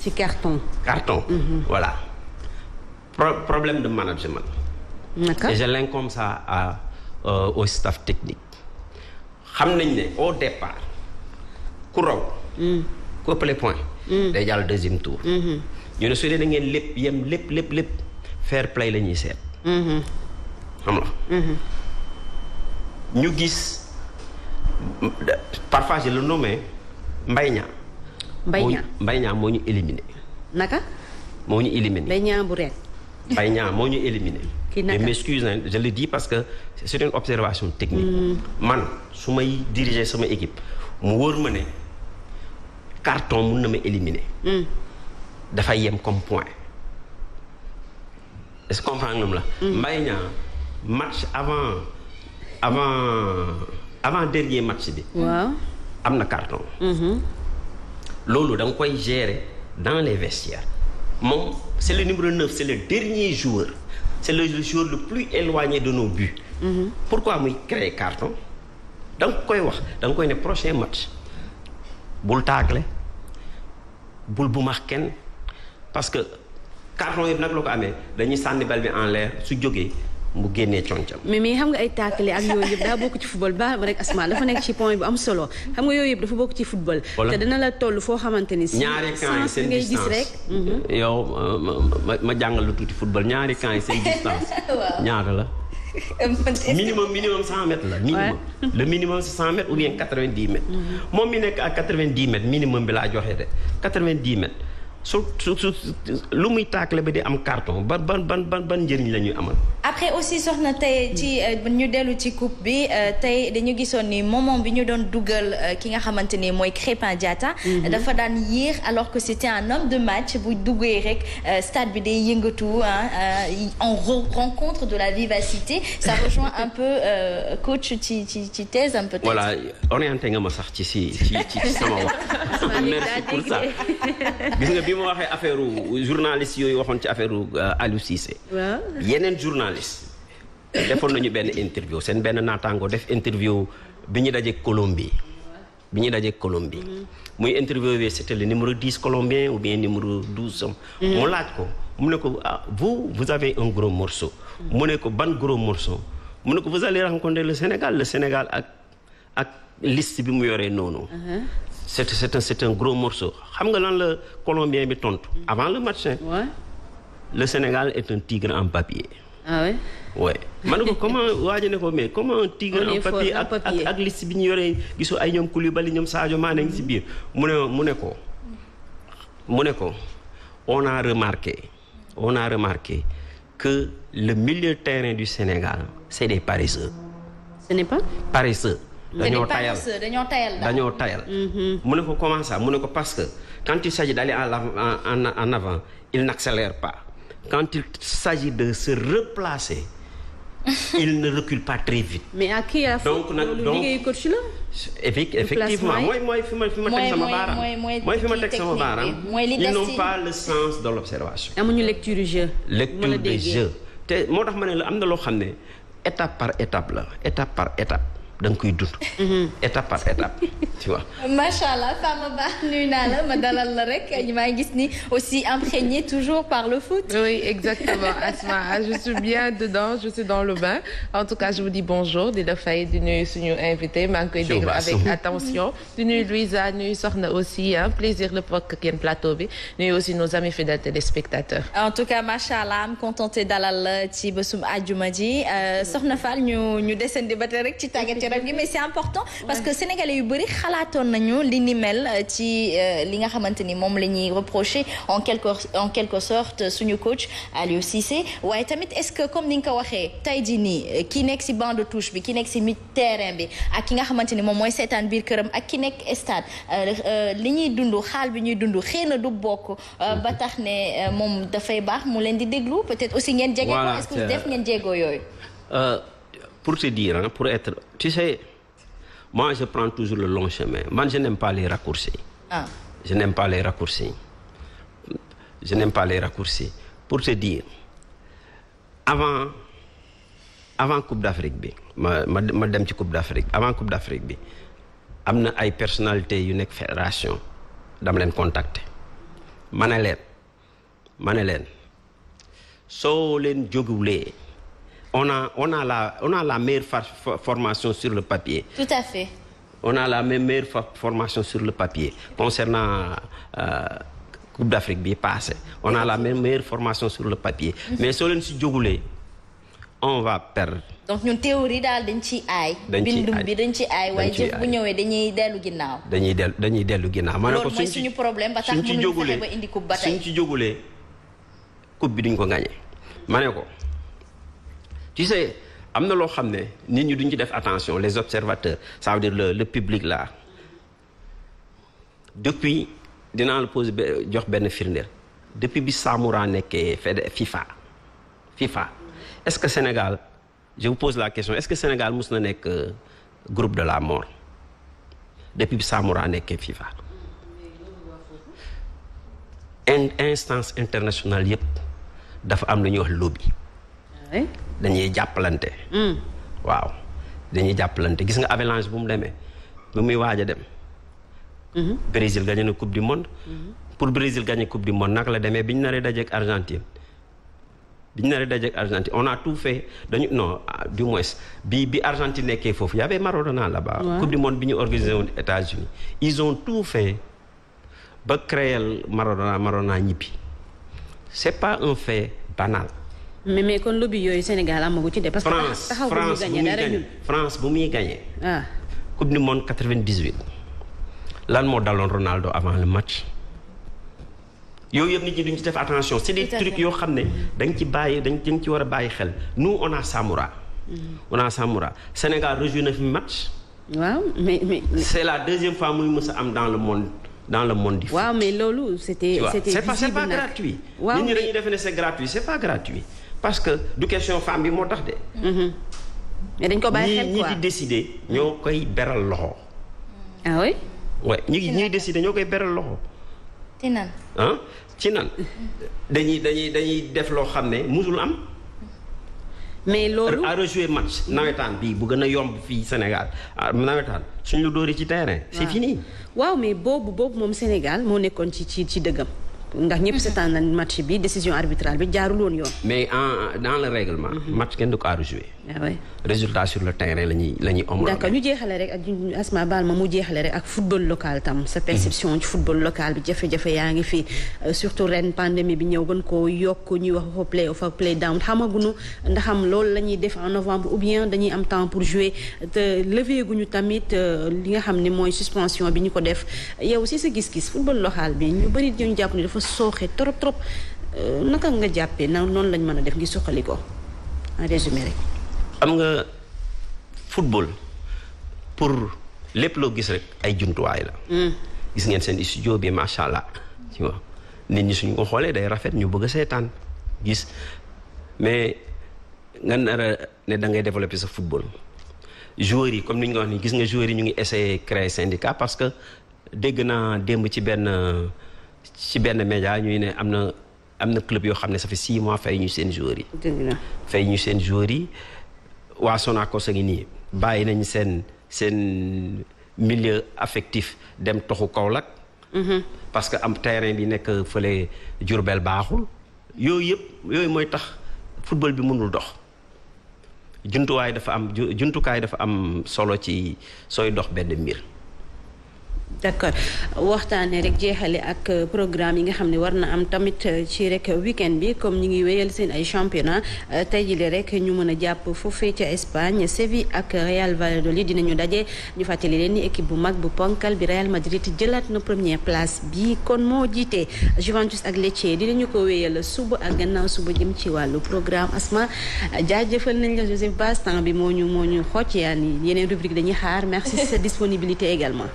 ci carton. carton. Mhm. voilà problème de management. naka et je l'incombe ça à euh, staff technique. xam nañ ne au départ ku raw. Mm. point. Mm. day jàll deuxième tour. Mm-hmm. ñu ne su dee da ngeen yem lépp lépp lépp. fair play la ñuy seet. Mm-hmm. xam nga. Mm-hmm. ñu gis parfois je le nommé mbay Niang. Mbaye Niang moo ñu éliminé. naka. moo ñu éliminé Mbaye Niang bu ren. Mbaye Niang moo ñu éliminé. kii naka m'excuse je le dis parce que c'est une observation technique. Mm. man su may diriger sama équipe mu wóor ma ne carton mun na ma éliminer. Mm. dafa yem comme point. est-ce que comprendre nga la. Mbaye Niang match avant avant avant dernier match bi. am na carton. Mm-hmm. loolu danga koy gérer dans les vestiaires moom c'est le numéro 9 c'est le dernier joueur c'est le joueur le plus éloigné de nos buts. Mm-hmm. pourquoi muy créer carton da nga koy wax danga koy ne prochain match bul tàggale bul bu max kenn parce carton yëpp nag la ko amee dañu sànni bal bi en l'air su jógee mu génnee concam mais mais xam nga ay tàkkale ak yooyu yëpp daa bokk ci football baax ma rek asma dafa nekk ci point bu am solo xam nga yooyu yëpp dafa bokk ci football. te dina la toll foo xamante ni. ñaari camp seen distance mhm. yow ma ma jàngal tuuti football ñaari camp yi seen distance. la. minimum minimum cent mètres la. minimum le minimum c'est cent mètres ou mhm. mi nekk ak quatre vingt dix bi laa joxee de quatre vingt dix mètres. su lu muy taakale ba di am carton ban ban ban ban ban njëriñ la ñuy amal. après aussi soxna tey ci euh, ñu dellu ci coupe bi euh, tey dañu gisoon ni moment bi ñu doon dugal euh, ki nga xamante ni mooy Crépin Diatta. Mhm. dafa daan yéex alors que c'était un homme de match bu duggee rek stade bi day yëngatu on rencontre de la vivacité ça rejoint un peu coach ci ci ci thèse am peut-être. nga ma sax ci si ci ci sama wax. merci pour ça gis nga bi ma waxee affaire journaliste yooyu waxoon ci affaire Aliou Cissé. waaw yeneen journaliste. defoon nañu benn interview seen benn naataango def interview bi ñu dajeeg Colombie bi ñu dajeeg Colombie. Mm-hmm. muy interview bi c'était le numéro 10 colombien ou bien numéro 12. Mm-hmm. mu laaj ko mu ne ko ah vous vous avez un gros morceau. mu ne ko ban gros morceau. mu ne ko vous allez rencontrer le Sénégal le Sénégal ak ak liste bi mu yoree noonu. Uh-huh. c'est c'est un c'est un gros morceau xam nga lan la colombien bi tontu. avant le match. Ouais. le Sénégal est un tigre en papier. ah oui. oui ma ne ko comment waaja ne ko mais comme un tigre en papier ak ak ak liste bi ñu yoree gisu ay ñoom Koulibaly ñoom Sadio Mané ngi ci biir mu ne mu ne ko mu ne ko on a remarqué on a que le milieu de terrain du Sénégal c'est des paresseux. ce dañoo tayal dañoo tayal dañoo mm-hmm. tayal. mu ne ko comment mu ne ko parce que quand il s'agit d'aller en en en avant il n'accélère pas quand il s'agit de se replacer. il ne recule pas très vite. mais a qui la donc nag la. effectivement mooy mooy fi ma fi ma teg sama baaraam mooy fi ma teg sama baaraam. mooy li n'ont pas le sens de l'observation. amuñu lecture de jeu. lecture de jeu te moo tax ma ne la am na loo xam ne étape par étape la étape par étape. da nga dund. Mm-hmm. étape par étape tu vois. Ba nuyu naa ma dalal la rek maa gis ni aussi imprégné toujours par le foot. oui exactement Asma ah, je suis bien dedans je suis dans le bain en tout cas je vous dis bonjour di la fay di nuyu suñu invité maa ngi koy déglu avec attention. di nuyu Louisa nuyu Soxna aussi un plaisir le bokk plateau bi nuyu aussi nos amis fidèles téléspectateurs. en tout cas macha allah am dalal ci bésum àjjuma ji euh, Soxna Fall ñu ñu desandi ba tey rek rab gi mais c'est important parce que sénégalais yu bëri xalaatoon nañu li ni mel euh, ci euh, li nga xamante ni moom la ñuy reprocher en quelque suñu coach Aliou Cissé waaye tamit est-ce que comme ni nga ko waxee tey jii nii euh, ki nekk si banc de touche ki nekk si mid terrain bi ak nga xamante ni moom mooy seetaan biir këram ak ki nekk stade li ñuy dund xaal bi ñuy dund xëy na du bokk ba tax ne moom dafay baax mu leen di déglu peut-être aussi ngeen jege ko est ngeen jéego yooyu pour te dire, pour être. Tu sais, moi, je prends toujours le long chemin. man je n'aime pas les raccourcis. Ah. Je n'aime pas les raccourcis. Je n'aime pas les raccourcis. Pour te dire, avant, avant Coupe d'Afrique, ma, ma, madame Coupe d'Afrique, avant Coupe d'Afrique, am na ay personnalité yu nekk fédération dam leen contacter mane ne leen ma ne leen on a on a la on a la meilleure formation sur le papier. Tout à fait. On a la même meilleure formation sur le papier concernant euh, Coupe d'Afrique bi passé on a la même meilleure formation sur le papier. Mhm. mais soo leen si jógulee on va perdre. donc ñun théorie daal dañ ciy aay. dañ ciy aay bindum bi dañ ciy aay waaye jëf bu ñëwee dañuy dellu ginnaaw. dañuy dellu dañuy dellu ginnaaw. ma ne ko suñ ci suñu problème ba tax mënuñu fexe ba indi coupe ba tey suñ ci jógulee coupe bi duñ ko gagné ne ko. tu sais am na loo xam ne nit ñi duñ ci def attention les observateurs ça veut dire le le public là depuis dinaa la pose jox benn firndeel depuis bi Samoura nekkee fed FIFA FIFA est-ce que Sénégal je vous pose la question est-ce que Sénégal mus na nekk euh, groupe de la mort depuis bi Samoura nekkee FIFA in instance internationale yëpp dafa am lu ñuy wax lobby dañuy jàppalante. Hmm. waaw dañuy jàppalante gis nga avalanche bu mu demee bu muy waaj a dem. Hmm. Brésil gagné na coupe du monde. Hmm. pour Brésil gagné coupe du monde naka la demee bi ñu naree dajeek Argentine. bi ñu naree dajeek Argentine on a tout fait dañu non ah, du moins bi bi Argentine nekkee foofu y avait naa la bas coupe du monde bi ñu organisé woon États-Unis ils ont tout fait ba créer Maradona naa ñibbi c'est pas un fait banal. mais mais kon lobby yooyu Sénégal amagu ci de. parce que taxaw bu muy gagné dara ñun France bu muy gagné. Ah. coupe du monde lan moo daloon Ronaldo avant le match. yooyu yëpp nit ñi duñ ci def attention c'est des trucs yoo xam ne dañ ci bàyyi dañ dañ ci war a bàyyi xel nous on a Samoura. Mm-hmm. on a Samoura Sénégal rejoué na fi match. waaw mais mais. c'est la deuxième fois muy mës am dans le monde. dans le monde du foot. waaw mais loolu c'était c'était c'est pas c'est pas gratuit. nit ñi dañuy def ne c'est gratuit c'est parce que du question femme bi moo tax de. Mhm. mais dañ ko bàyyi xel quoi koy beral loxo. ah oui. waaye ñi koy beral loxo. ci nan. dañuy dañuy dañuy def loo xam ne musul am. mais loolu à rejouer nawetaan bii bu gën a yomb fii Sénégal ah, nawetaan suñu la dóoree ci terrain. Ah. waaw mais boobu boobu moom Sénégal moo nekkoon ci ci ci dëggam. ndax ñëpp seetaan nañ match bi décision arbitrale bi jaarul yoon. mais en dans le règlement. Mhm. match kenn du ko arrosé. Ah résultat sur le terrain la ñuy la ñuy homologué. d'accord ñu jeexale rek ak asma baal ma mu jeexale rek ak football local tam. sa perception football local bi jafe-jafe yaa ngi fi euh, surtout ren pandémie bi ñëw gën koo yokk ñuy wax ko play off ak play down xamaguñu ndaxam loolu la ñuy def en novembre ou bien dañuy am temps pour jouer te levé guñu tamit euh, li nga xam ne mooy suspension bi ñu ko def yow sa gis-gis football local dafa sooxe trop trop euh, naka nga jàppee na noonu lañ mën a def ngi suqali ko am nga football pour lépp loo gis rek ay jumtuwaay la. Hmm. gis ngeen seen studio bi macha allah. ci nit ñi suñu ko xoolee day rafet ñu bëgg a seetaan gis mais nga nar ne da ngay développer sa football. joueurs yi comme ni ñu ko wax nii gis nga joueurs yi ñu ngi essayer créer syndicat parce que dégg naa démb ci benn. ci benn média ñuy ne am na am na club yoo xam ne ça fait six mois fay ñu seen joueurs yi. fay ñu seen joueurs yi waa Sonacos a ngi nii bàyyi nañ seen seen milieu affectif dem toxu Kaolack. Mhm. parce que am terrain bi nekk fële Diourbel baaxul. yooyu yëpp yooyu mooy tax football bi mënul dox jumtuwaay dafa am jumtukaay dafa am solo ci sooy dox benn mbir. d'accord waxtaanee rek jeexale ak euh, programme yi nga xam ne war na am tamit euh, ci rek weekend bi comme ñu ngi wéyal seen ay championnat euh, tey jile rek ñu mën a jàpp foofee ca Espagne Séville ak Real dina ñu daje ñu fàttali leen ni équipe bu mag bu ponkal bi Real Madrid jëlaat na première place bi kon moo jiite Juventus ak Lecce dinañu ko wéyal suba ak gannaaw suba jëm ci wàllu programme Asma jaajëfal nañ la Joseph Bass bi moo ñu moo ñu xocc yaa yeneen rubrique dañuy xaar merci sa disponibilité également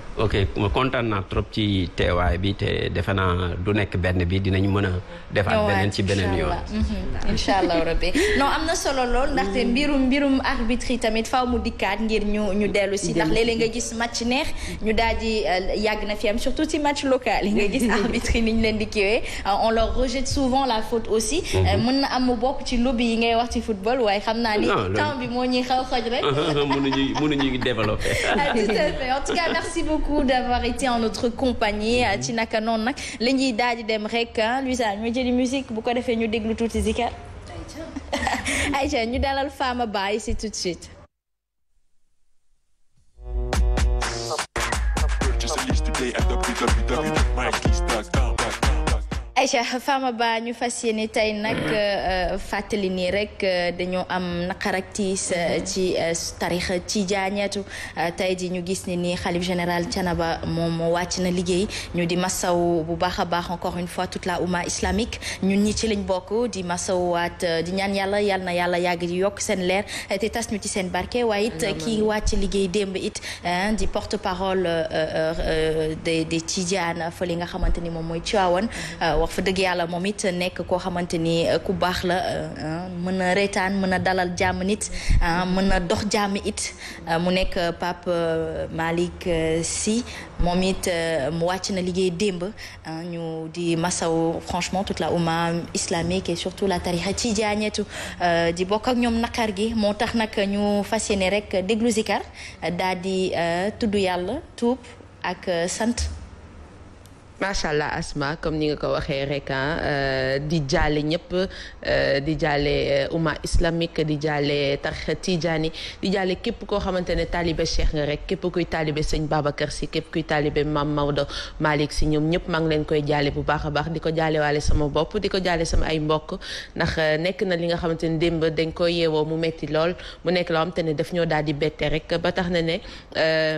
kontaan naa trop ci teewaay bi te defe naa du nekk benn bi dinañ mën a defaat beneen ci beneen yoon mhm. incha allah rabbi non am na solo lool ndaxte mm. mbirum mbirum arbitre yi tamit faw mu dikkaat ngir ñu ñu dellu si ndax léeg nga gis match neex ñu daal di euh, yàgg na fi am surtout ci match local yi nga gis arbitre yi ni ñu leen di kiwee euh, on leur rejette souvent la faute aussi mhm. euh, mën na am mu bokk ci lobby yi ngay wax ci football waaye xam naa ni temps bi moo ñuy xaw xoj rek mënuñu mënuñu d'avoir été en notre compagnie ci naka ñuy daal di dem rek Luisa ñu jëli musique bu ko defee ñu déglu tuuti zika Aïcha ñu dalal Fama baay ici tout de suite Aïcha Fama Ba ñu fas yéene tey nag mm-hmm. euh, fàttali nii rek euh, dañoo am naqar ak tiis euh, ci tarixa ci jaañeetu tey ji ñu gis ni nii xalif général Thiénaba moom wàcc na liggéey ñu di masaw bu baax a baax encore une fois toute la umma islamique ñun ñi ci lañ bokk di masawwaat di ñaan yàlla yàlla na yàlla yàgg di yokk seen leer te tas ñu ci seen barke waaye it kii wàcc liggéey démb it di porte parole des des Tidiane li nga xamante ni moom mooy Tivaouane mm-hmm. wax fa dëgg yàlla moom it nekk koo xamante ni euh, ku baax la euh, euh, mën na reetaan mën a dalal jàmm nit mën na dox jàmm it mu nekk Pape Malick si moom it mu wàcc na liggéey démb ñu di masaw franchement toute la umma islamique et surtout la tarixa ci jaañeetu di bokk ak ñoom naqar gi moo tax nag ñu fas yéene rek déglu zikar daal tudd yàlla tuub ak sant macha allah Asma comme ni nga ko waxee rek ah, euh, di jaale ñëpp euh, di jaale euh, umma islamique di jaale tarix tijaani di jaale képp koo xamante ne taalibe Cheikh nga rek képp kuy taalibe sëñ kër si képp kuy taalibe Mame Maodo Malick si ñoom ñëpp maa ngi leen koy jaale bu baax a baax di ko jaale waale sama bopp di ko jaale sama ay mbokk ndax nekk na li nga xamante ne démb dañ koy yewoo mu metti lool mu nekk loo xamante ne daf ñoo daal di bette rek ba tax na ne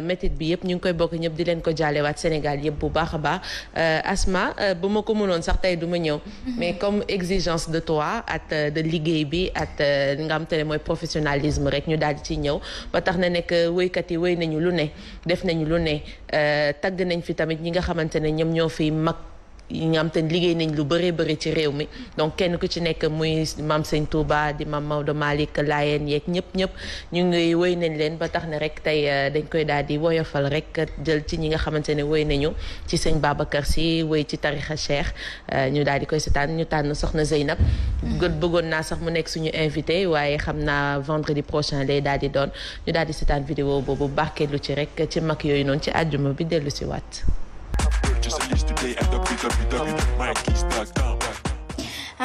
métit bi yëpp ñu ngi koy bokk ñëpp di leen ko jaalewaat Sénégal yëpp bu baax a baax Euh, Asma euh, bu ma ko mënoon sax tey du ma ñëw mhm. mais comme exigence de toi ak euh, de liggéey bi ak li nga xam te ne mooy professionnalisme rek ñu daal di ci ñëw ba tax na nekk wéykat yi wéy nañu lu ne def nañu lu ne tagg nañ fi tamit ñi nga xamante ne ñoom ñoo fi mag yi nga xam te liggéey nañ lu bëree bëri ci réew mi donc kenn ku ci nekk muy maam Sëñ Touba di maam Maodo Malick Laayeen yeeg ñëpp ñëpp ñu ngi woy nañ leen ba tax ne rek tey euh, dañ koy daal di woyofal rek jël ci ñi nga xamante ne woy nañu ci sëñ Babacar si woy ci tarixa Cheikh euh, ñu daal di koy seetaan ñu tànn soxna Zeynab gën bëggoon naa sax mu nekk suñu invité waaye xam naa vendredi prochain lay daal di doon ñu daal di seetaan vidéo boobu barkeelu ci rek ci mag yooyu noonu ci àjjuma bi dellu si www.mikeys.com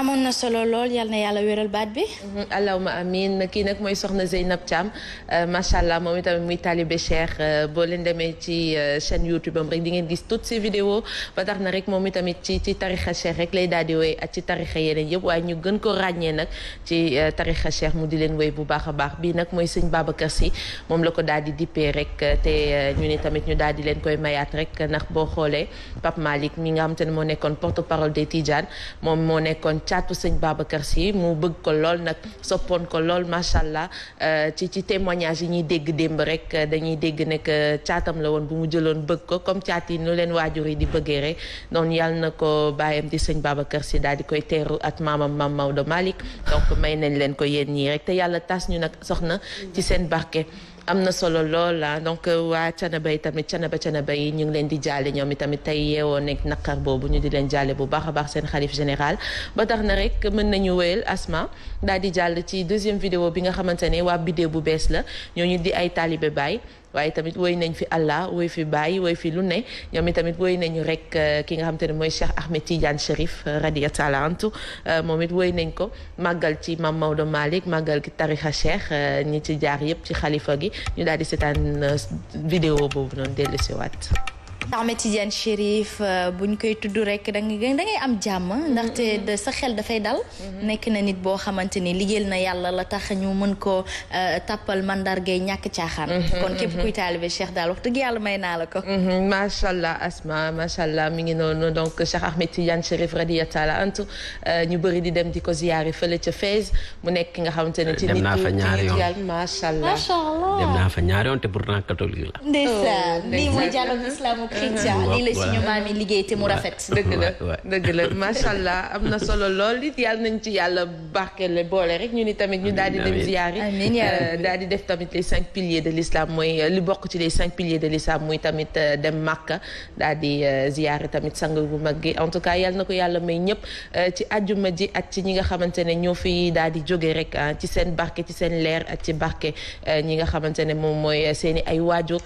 amoon na solo lool yal na yàlla wéral baat bi. Mhm, allahuma amiin kii nag mooy soxna Zeynab Thiam euh, macha allah moom itamit muy taalibe Cheikh euh, boo leen demee ci euh, chaîne YouTube am rek di ngeen gis toutes ces vidéos ba tax na rek moom itamit ci ci tarixa Cheikh rek lay daal di woy ak ci tarixa yeneen yëpp waaye ñu gën ko ràññee nag ci tarixa Cheikh mu di leen woy bu baax a baax bii nag mooy sëñ Babacar Sy moom la ko daal di dippee rek te ñu ni tamit ñu daal di leen koy mayaat rek ndax boo xoolee Pape Malick mi nga xam te ne moo nekkoon porte parole des Tidiane moom moo nekkoon. caatu sëñ Babacar Sy mu bëgg ko lool nag soppoon ko lool macha allah euh, ci ci témoignage yi ñuy dégg démb rek euh, dañuy dégg ne caatam la woon bu mu jëloon bëgg ko comme caat yi nu leen waajur yi di bëggee rek noonu yàlla na ko bàyyam di sëñ Babacar si daal di koy teeru ak maamam maam Maodo Malick donc may nañ leen ko yéen ñii rek te yàlla tas ñu nag soxna ci seen barke. am na solo lool ah. donc euh, waa canaba yi tamit canaba canaba yi ñu ngi leen di jaale ñoom itamit tey yeewoo nekk naqar boobu ñu di leen jaale bu baax a baax seen xalif général ba tax na rek mën nañu wéyal asma daal di jàll ci deuxième vidéo bi nga xamante ne waa bidéo bu bees la ñooñu di ay taalibe baay waaye tamit woy nañ fi Allah woy fi Baye woy fi lu ne ñoom i tamit woy nañu rek euh, ki nga xam ne mooy Cheikh Ahmed Tidiane Chérif euh, radia taala euh, moom it woy nañ ko màggal ci Mam Maodo Malick màggal gi tarixa Cheikh ñu ci jaar yëpp ci xalifa gi ñu daal di seetaan vidéo boobu noonu dellusiwaat Ahmed Tidiane Chérif euh, buñ koy tudd rek da ngay da ngay am jàmm. ndaxte mhm. sa xel dafay dal. Mhm. nekk na nit boo xamante ni liggéeyal na yàlla la tax ñu mën koo euh, tàppal mandargay ñàkk caaxaan. Mhm, kon képp kuy taalibe Cheikh daal wax dëgg yàlla may naa la ko. macha allah Asma macha allah mi ngi noonu donc Cheikh Ahmed Tidiane Chérif radiyallahu taala euh, ñu bëri di dem di ko ziyaari fële ca Fès mu nekk nga xamante ne. dem naa fa ñaari yoon macha allah dem naa fa ñaari yoon te pourtant catholique Cynthia lii la suñu maam yi liggéey te mu rafet. dëgg la dëgg la allah am na solo lool it yàlla nañ ci yàlla barkele boole rek ñu ni tamit ñu daal di dem ziyaar euh, daal di def tamit les cinq piliers de l'islam mooy euh, li bokk ci les cinq piliers de l'islam muy tamit euh, dem Makka daal di ziyaar tamit sang bu mag gi en tout cas yal na ko yàlla may ñëpp ci àjjuma ji ak ci ñi nga xamante ne ñoo fi daal di jóge rek ci seen barke ci seen leer ak ci barke ñi nga xamante ne moom mooy seen i ay waajur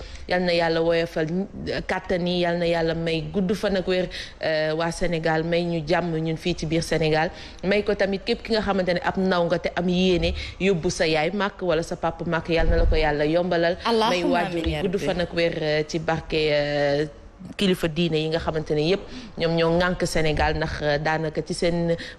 que ni yal na yàlla may gudd fan ak wér euh, waa Sénégal may ñu jàmm ñun fii ci biir Sénégal may ko tamit képp ki nga xamante ne ab ndaw nga te am yéene yóbbu sa yaay màkk wala sa papa màkk yal na la ko yàlla yombalal may waajur gudd fan ak wér euh, ci barke euh, kilifa diine yi nga xamante ne yëpp ñoom ñoo ŋànk Sénégal ndax euh, daanaka ci seen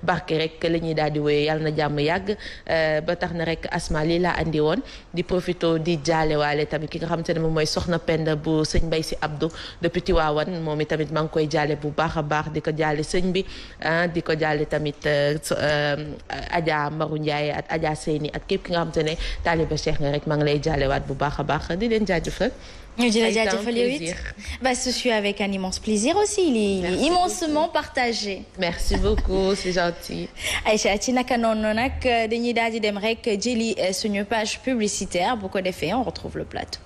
barke rek la ñuy daal di woyee yàlla na jàmm yàgg euh, ba tax na rek asma lii laa indi woon di profito di jaalewaale tamit ki nga xamante ne moom mooy soxna Penda bu sëñ Mbay si Abdou depuis Tiwaawan moom i tamit maa ngi koy jaale bu baax a baax di ko jaale sëñ bi ah, di ko jaale tamit euh, Adja Maru Ndiaye ak Adja Seyni ak képp ki nga xamante ne taaliba Cheikh nga rek maa ngi lay jaalewaat bu baax a baax di leen jaajëfal ñu di la jaajëfal yow it bah ce fut avec un immense plaisir aussi il est, immensement partagé. merci beaucoup c'est gentil. Aïcha ci naka noonu nag dañuy daal di dem rek jëli euh, suñu page publicitaire bu ko defee on retrouve le plateau.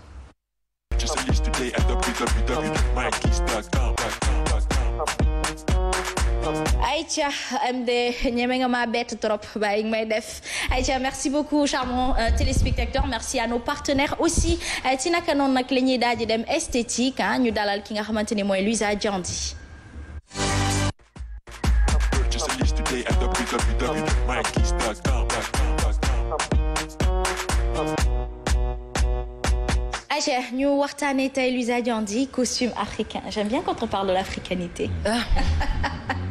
Aïcha am de ñeme nga ma bett trop bàyyi ngi may def Aïcha merci beaucoup charmant euh, téléspectateur merci à nos partenaires aussi euh, ci naka noonu nag la ñuy daal di dem esthétique ah ñu dalal ki nga xamante ni mooy Luisa Diandi Aïcha ñu waxtaanee tey Luisa costume africain j'aime bien quand on parle de l'africanité ah.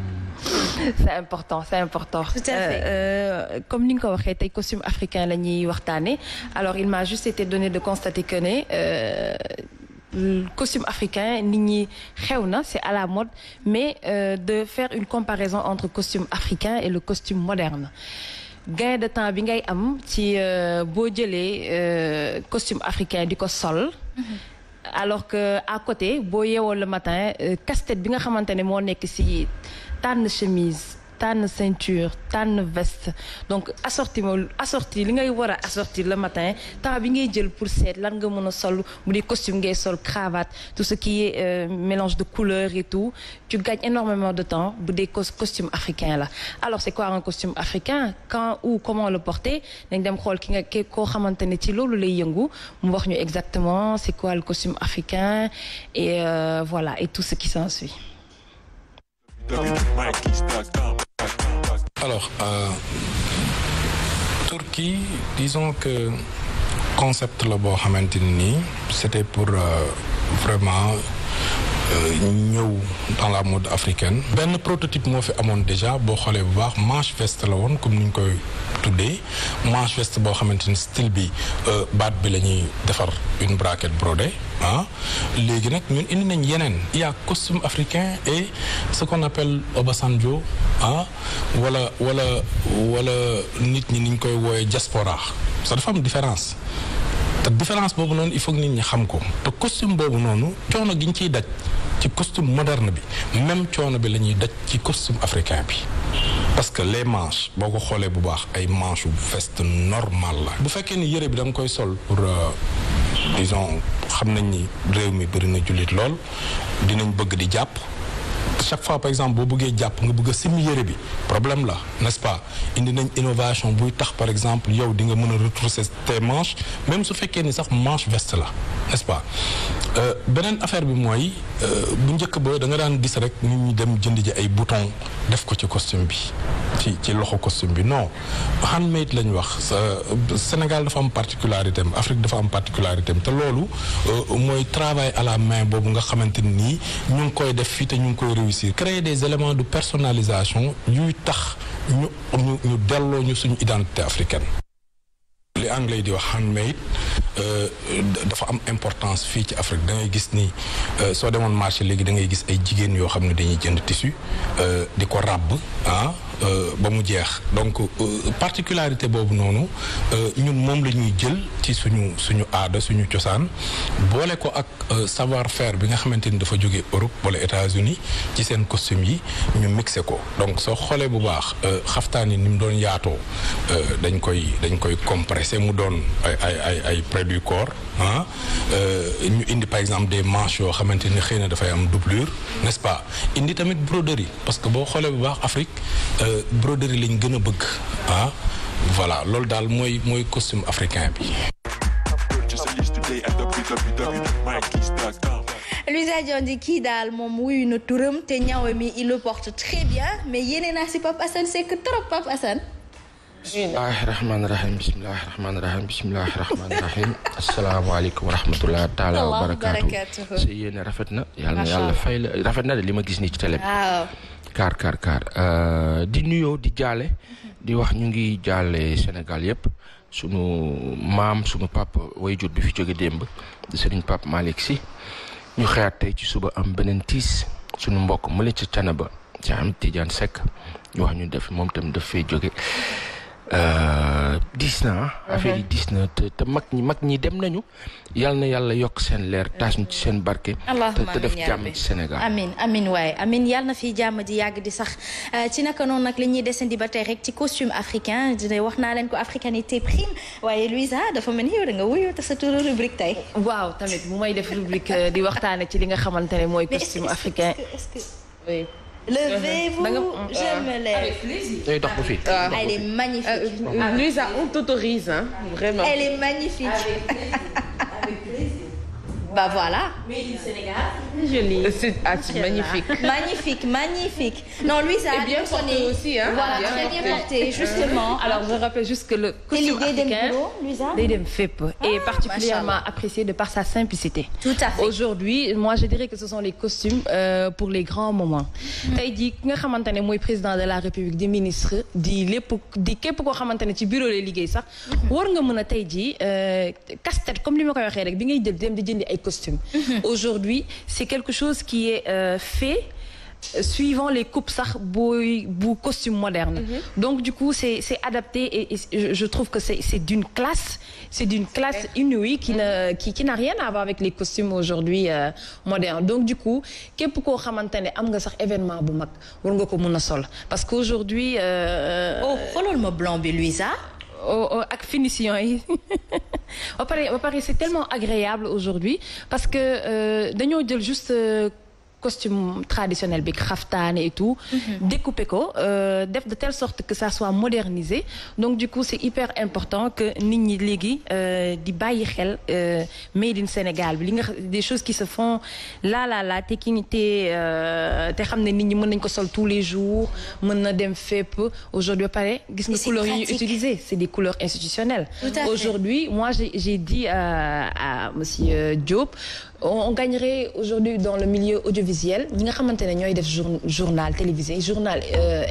c'est important c'est important. tout à euh, euh, comme ni nga ko waxee tey costume africain la ñuy waxtaanee alors il m'a juste été donné de constater que ne. Euh, costume africain nit ñi xew na c'est à la mode mais euh, de faire une comparaison entre costume africain et le costume moderne gain de temps bi ngay am ci boo jëlee costume africain di ko sol mm-hmm. alors que à côté boo yeewoo le matin casse bi nga xamante ne moo nekk ci tànn chemise tànn ceinture tànn veste donc assorti ma assorti li ngay war a assortir le matin temps bi ngay jël pour seet lan nga mën a sol bu di costume ngay sol cravat tout ce qui est euh, mélange de couleurs et tout tu gagnes énormément de temps bu dee costume africain la alors c'est quoi un costume africain quand ou comment le porter dañ dem xool ki nga ki koo xamante ne ci loolu lay yëngu mu wax ñu exactement c'est quoi le costume africain et euh, voilà et tout ce Alors, euh, Turquie, disons que concept la boo xamante ni c'était pour euh, vraiment Euh, ñëw dans la mode africaine benn prototype moo fi amoon déjà boo xoolee bu baax manche veste la woon comme ni ñu koy tuddee manche veste boo xamante ni style bi euh, baat bi la ñuy defar une braquette brodée ah. léegi nag ñun indi nañ yeneen il y costume africain et ce qu'on appelle obasanjo ah wala wala wala nit ñi ni koy wooyee diaspora ça dafa différence te différence boobu noonu il faut nit ñi xam ko te costume boobu noonu coono gi ñu ciy daj ci costume moderne bi même coono bi la ñuy daj ci costume africain bi parce que les manches boo ko xoolee bu baax ay manches bu veste normal la. bu fekkee ni yëre bi da koy sol pour euh, dison xam nañ ni réew mi bëri na jullit lool dinañ bëgg di jàpp. chaque fois par exemple boo bëggee jàpp nga bëgg a simmi bi problème la nest pas indi nañ innovation buy tax par exemple yow di nga mën a retrousser tes manches même su fekkee ni sax manche veste la n'est-ce pas euh, beneen affaire bi mooy euh, bu njëkk ba da nga daan gis rek nit ñi dem jënd ji ay bouton def ko ci costume bi ci ci loxo costume bi no non handmade lañ wax Sénégal dafa am particularité am Afrique dafa am particularité am te loolu euh, mooy travail à la main boobu nga xamante nii ñu ngi koy def fii ñu ngi koy réussir créer des éléments de personalisation yuy tax ñu ñu ñu delloo ñu suñu identité africaine. li anglais di wax handmade euh, dafa am importance fii ci Afrique da gis ni euh, soo demoon marché léegi da ngay gis ay jigéen yoo xam ne dañuy jënd tissu euh, di ko ràbb ah, Euh, ba mu jeex donc euh, particularité boobu noonu euh, ñun moom lañuy jël ci suñu suñu aada suñu cosaan boole ko ak savoir faire bi nga xamante ni dafa jóge Europe wala États-Unis ci seen costume yi ñu mixé ko donc soo xoolee bu baax xaftaan yi ni mu doon yaatoo dañ koy dañ koy compressé mu doon ay ay ay ay près du corps ah ñu indi par exemple des manches yoo xamante ni xëy na dafay am doublure n'est-ce pas indi tamit broderie parce boo xoolee bu baax Afrique Euh, broderie lañ gën a bëgg ah, voilà loolu daal mooy mooy costume africain bi. Luisa Diagne kii daal moom wuyu na turam te ñawe mi il le porte très bien mais yéene naa si Pape Assane c'est trop Pape Assane. bismillahi rahmaani rahim bismillahi rahmaani rahim bismillahi rahmaani rahim asalaamaaleykum wa wa barakaatu. sa yéene rafet na yàlla na la rafet de li ma gis nii ci télé bi. kaar kaar kaar euh, di nuyoo di jaale di wax ñu ngi jaale Sénégal yëpp sunu maam sunu papa wayjur bi fi jóge démb di sëriñ Pape Malick Sy ñu xeyaat tey ci suba am beneen tiis sunu mbokk mu la ca Canaba ca am Tidiane Seck ñu wax ñu def moom tam daf fay jóge Euh, diis na mhm. affaire yi diis na te mag ñi mag ñi dem nañu yal na yàlla yokk seen leer taas ñu ci seen barke te def jàmm ci Sénégal amin amin waaye amin yal na fii jàmm ji yàgg di sax euh, ci naka noonu nag li ñuy desandi ba tey rek ci costume africain dina wax naa leen ko africanité prime waaye Louisa ah, dafa mel ni yow da nga wuyu te sa turu rubrique tey waaw tamit bu may def rubrique euh, di waxtaane ci li nga xamante ne mooy costume africain oui Levez-vous, je me lève. Avec plaisir. Elle est magnifique. Euh, Luisa, on t'autorise, hein, vraiment. Elle est magnifique. Bah voilà. Mais du Sénégal. Joli. Euh, c'est ah, magnifique. Magnifique, magnifique. Non, lui, ça a bien sonné. aussi, euh, Alors, je rappelle juste que le costume africain, day dem fépp est ah, particulièrement apprécié de par sa simplicité. Aujourd'hui, je dirais que ce sont les costumes euh, pour les grands moments. Mm-hmm. Tey jii ki nga xamante ne mooy président de la République di ministre di lépp di képp koo xamante ne ci bureau lay liggéey sax mm-hmm. war nga mën a tey jii casse-tête comme li ma koy waxee rek bi ngay jël dem di jëndi ay ay costume mhm. aujourd'hui c'est quelque chose qui est euh, fait euh, suivant les coupes sax booy bu costume moderne mhm. donc du coup c'est c'est adapté et, et je trouve que c'est c'est d'une classe c'est d'une classe inouïe qui mhm. ne qui qui n'a rien à voir avec les costumes aujourd'hui euh, modernes donc du coup képp koo xamante ne am nga sax événement bu mag war nga ko mun a sol parce qu'aujourd'hui euh, oh xoolal ma blanc bi Louisa ak finition yi ba pare ba pare c'est tellement agréable aujourd'hui parce que euh, dañoo jël juste euh, costume traditionnel bi xaftaane et tout mhm. découper ko euh, def de telle sorte que ça soit modernisé donc du coup c'est hyper important que nit ñi léegi euh, di bàyyi xel euh, made in Sénégal bi li nga des choses qui se font là là là te ki te te xam ne nit ñi mën nañ ko sol tous les jours mën na dem fépp aujourd'hui pare gis nga couleurs yi utilisé c'est des couleurs institutionnelles aujourd'hui moi j'ai dit à, monsieur Diop on gagnerait aujourd'hui dans le milieu audiovisuel ñi nga xamante ne ñooy def journal télévisé journal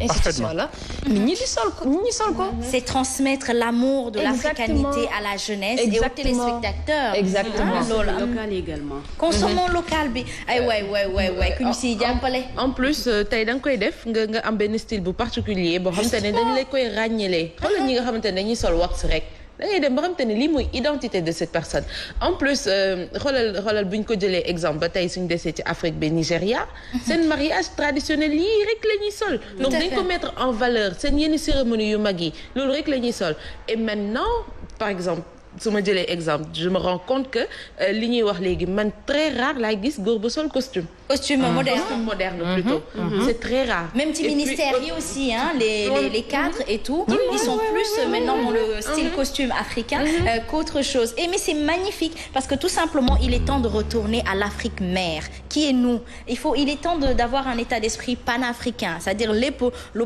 institution la nit ñi di sol ko nit ñi sol ko c'est transmettre l'amour de l'africanité à la jeunesse et aux téléspectateurs exactement ah, loolu local également consommons local bi ay waay waay waay waay ku ñu euh, en plus euh, tey da nga koy def nga nga am benn style bu particulier boo xamante ne dañ lay koy ràññelee ñi nga xamante ne dañuy sol wax rek da eh, ngay dem ba xam ne lii mooy identité de cette personne en plus euh, xoolal xoolal bu ñu ko jëlee exemple ba tey suñu desee ci Afrique ba Nigéria seen mariage traditionnel yii rek la ñuy sol donc dañ ko mettre en valeur seen yenn cérémonie yu mag yi loolu rek la ñuy sol et maintenant par exemple su ma jëlee exemple je me rends compte que euh, li ñuy wax léegi man très rare laay gis góor bu sol costume costume ah. moderne costume moderne mhm. Mhm. très rare. même ci ministère yi aussi hein les les les cadres mhm. et tout. ils sont plus maintenant dans le style costume africain. Euh, qu'autre chose et mais c'est magnifique parce que tout simplement il est temps de retourner à l'Afrique mère qui est nous il faut il est temps de d'avoir un état d'esprit panafricain c'est-à-dire lépp lu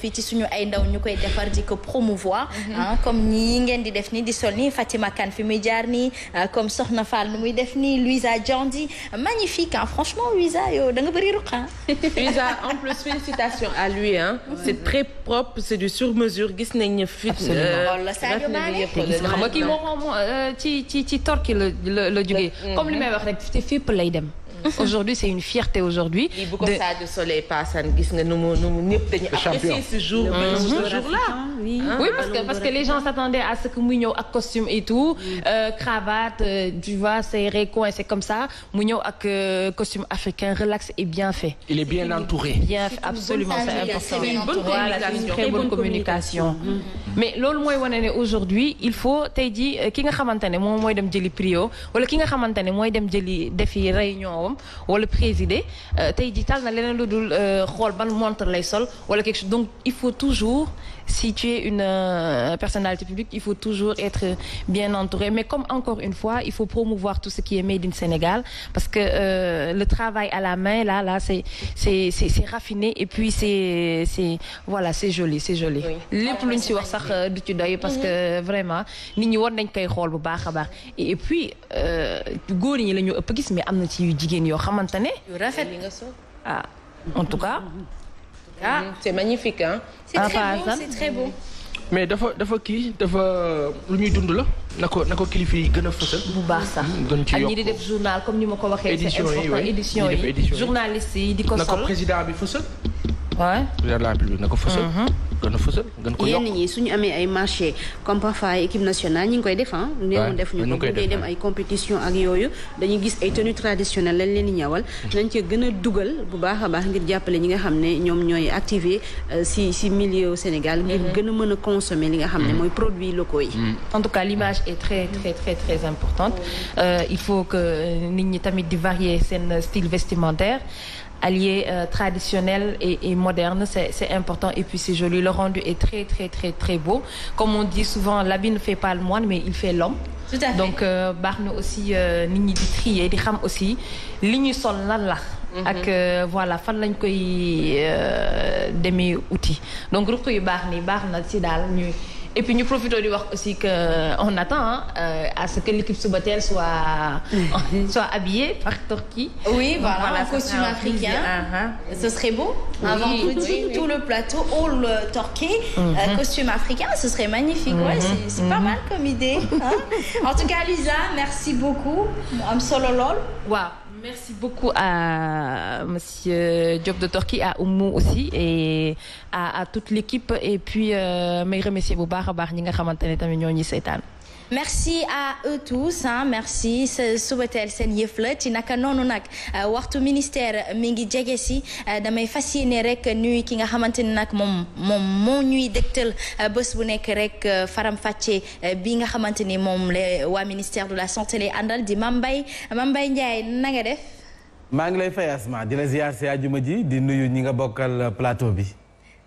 fii ci suñu ay ndaw ñu koy defar di ko promouvoir. comme nii ngeen di def nii di sol nii Fatima Kane fi muy jaar nii euh, comme Soxna Fall nu muy def nii Luisa Diandi magnifique franchement. visa yow da nga bëri ruqan visa en plus félicitations à lui hein c'est très propre c'est du sur mesure gis nañ ne fit loolu euh, oh, la Sadio Mané xam nga kii moo moom euh, ci ci ci torki la la la jógee comme li may wax rek te fépp lay dem aujourd'hui c'est une fierté aujourd'hui bu ko Sadio gis nga nu mu nu mu ñëpp oui ah, parce que les gens s'attendaient à ce que muy ñëw ak costume et tout euh, cravate euh, tu vois c'est recoin mu ñëw ak euh, costume africain relax et bien fait il est bien entouré bien fait absolument c'est important voilà mm-hmm. mais loolu mooy wane ne aujourd'hui il faut tey jii ki nga xamante ne moom mooy dem jëli prio wala ki nga xamante ne mooy dem jëli defi réunion wam moom wala présider euh, tey ji tal na leneen lu dul euh, xool ban montre lay sol wala quelque chose donc il faut toujours si tu es une euh, personnalité publique il faut toujours être bien entouré mais comme encore une fois il faut promouvoir tout ce qui est made in Sénégal parce que euh, le travail à la main là là c'est c'est c'est c'est raffiné et puis c'est c'est voilà c'est joli c'est joli lépp luñ ci wax sax euh, du ci doy parce que mhm. vraiment nit ñi war nañ koy xool bu baax a baax et puis euh, góor ñi la ñu ëpp gis mais am na ci yu jigéen yoo xamante ne ah en tout cas ah mm-hmm. c'est magnifique hein. c'est très ah, beau c'est mais dafa dafa kii dafa lu ñuy dund la na ko na ko kilifa yi gën a fësal. bu baax sax mm-hmm. gën ci yokk ak ñi di def journal ni ma ko waxee. édition yi édition yi journaliste yi di ko sol na ko président bi fësal. waaw président de la République ko fësal. Mhm. gën a fësal gën ko yokk yéen su ñu amee ay marché comme parfois équipe nationale ñu ngi koy def ah. waaw def ñu ko bu dem ay compétition ak yooyu dañuy gis ay tenues traditionnelles lañ leen di ñawal. Mhm. nañ ci gën a dugal bu baax a baax ngir jàppale ñi nga xam ne ñoom ñooy activé euh, si si milieu Sénégal. ngir mhm. gën a mën a consommer li nga xam ne mooy produit locaux yi. en tout cas l'image est très très très très importante euh, il faut que euh, nit ñi tamit di varier seen style vestimentaire. allier euh, traditionnel et, et moderne, c'est important. Et puis c'est joli, le rendu est très très très très beau. Comme on dit souvent, l'habit ne fait pas le moine, mais il fait l'homme. donc euh, baax na aussi euh, nit ñi di trier di xam aussi li ñu sol lan la. Mhm. ak euh, voilà fan lañ koy demee outil donc ruq yu baax nii baax na ci daal ñuy. et puis ñu profité di wax aussi que euh, on attend euh, à ce que l'équipe Subatel soit soit habillée par Turquie. oui voilà, voilà en costume africain. Uh ah, -huh. Ah. ce serait beau. Oui, un vendredi oui, oui. tout le plateau all euh, turquie. Mm -hmm. euh, costume africain ce serait magnifique. Mm -hmm. ouais, mm-hmm. c'est c'est mm -hmm. pas mm-hmm. mal comme idée. en tout cas Lisa merci beaucoup am solo lool waaw. Merci beaucoup à Monsieur Diop de Torki, à Oumou aussi et à, à toute l'équipe et puis euh, may remercier bu baax a baax ñi nga xamante ne tamit ñoo ñuy seetaan merci à eux tous ah merci subateel seen yëf la ci naka noonu nag euh, waxtu ministère mi ngi jege si euh, damay fas yéene rek nuyu ki nga xamante ni nag moom moom moo ñuy dégtal euh, bés bu nekk rek faram-fàccee bi nga xamante ni moom la waa ministère de la santé lay àndal di Mame Mbaye Mame Mbaye Ndiaye na def. maa ngi lay fay Asma di la ziar si àjjuma ji di nuyu ñi nga bokkal plateau bi.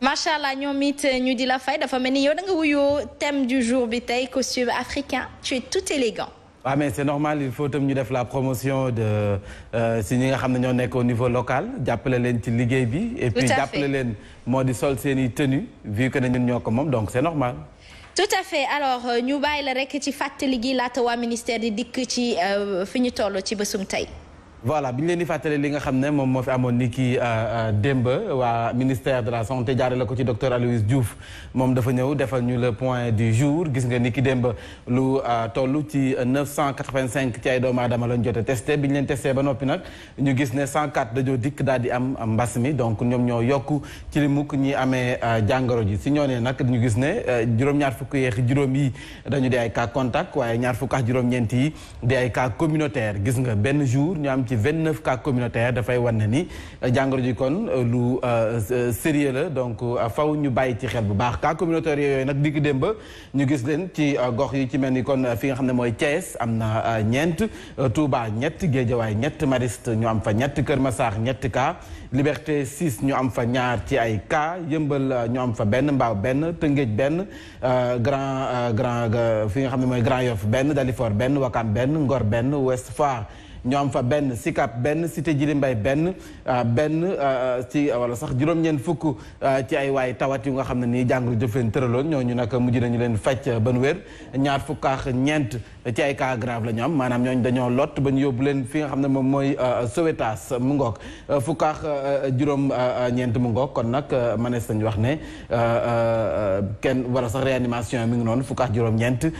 macha allah ñoom it euh, ñu di la fay dafa mel ni yow da nga wuyoo thème du jour bi tey costume africain tu es tout élégant waaw ah, mais c'est normal il faut tam ñu def la promotion de euh, si ñi nga xam ne ñoo nekk au niveau local jàppale leen ci liggéey bi. et puis jàppale leen moo di sol seen i tenue vu que ne ñoo ko moom donc c'est normal. tout à fait alors euh, ñu bàyyi la rek ci fàttali gi laata waa ministère di dikk ci fi ñu toll ci bésum tey. voilà bi ñu leen di fàttali li nga xam ne moom moo fi amoon ni ki euh, euh, démb waa ministère de la santé jaare la ko ci docteur Aloyse Diouf moom dafa ñëw defal ñu le point du jour gis nga ni ki démb lu euh, toll ci 985 ci ay doomu aadama lañ jote testé bi ñu leen testé ba noppi nag ñu gis ne 104 dañoo dikk daal di am mbas mi donc ñoom ñoo yokk ci li mukk ñi amee jàngoro ji si ñoo nee nag ñu gis ne juróom-ñaar fukk yeex juróom yi dañu di ay cas contact waaye ñaar fukk ak juróom-ñeent yi di gis nga benn jour ñu am ci vingt neuf cas communautaire dafay wan na ni euh, jàngoro ji kon euh, lu euh, sérieux la donc faw ñu bàyyi ci xel bu baax cas communautaire yooyu nag digg démb ñu gis leen ci gox yi ci mel ni kon fi nga xam ne mooy Thiès am na ñeent Touba ñett Géejawaay ñetti Mariste ñu am fa ñetti Kër masaax ñett cas Liberté 6 ñu am fa ñaar ci ay cas yëmbal ñu am fa benn mbaaw benn Tëngéej benn grand grand fi nga xam ne mooy Grand Yoff benn Dalifort benn Wakam benn Ngor benn Ouest ñoom fa benn Sicap benn Cité Djilimbay benn euh, benn euh, ci wala sax juróom-ñeent fukk euh, ci ay waay tawat yu nga xam ne nii jàngoro jëf ñoo ñu ñooñu nag mujj nañu leen faj ban wér ñaar fukk ñeent ci ay cas grave la am maanaam ñooñ dañoo lot ba ñu yóbbu leen fi nga xam ne moom mooy euh, Sowétas mu ngoog euh, fukk ak euh, juróom ñeent mu ngoog kon nag manees nañ wax ne kenn wala sax réanimation mi ngi noonu fukk ak juróom ñeent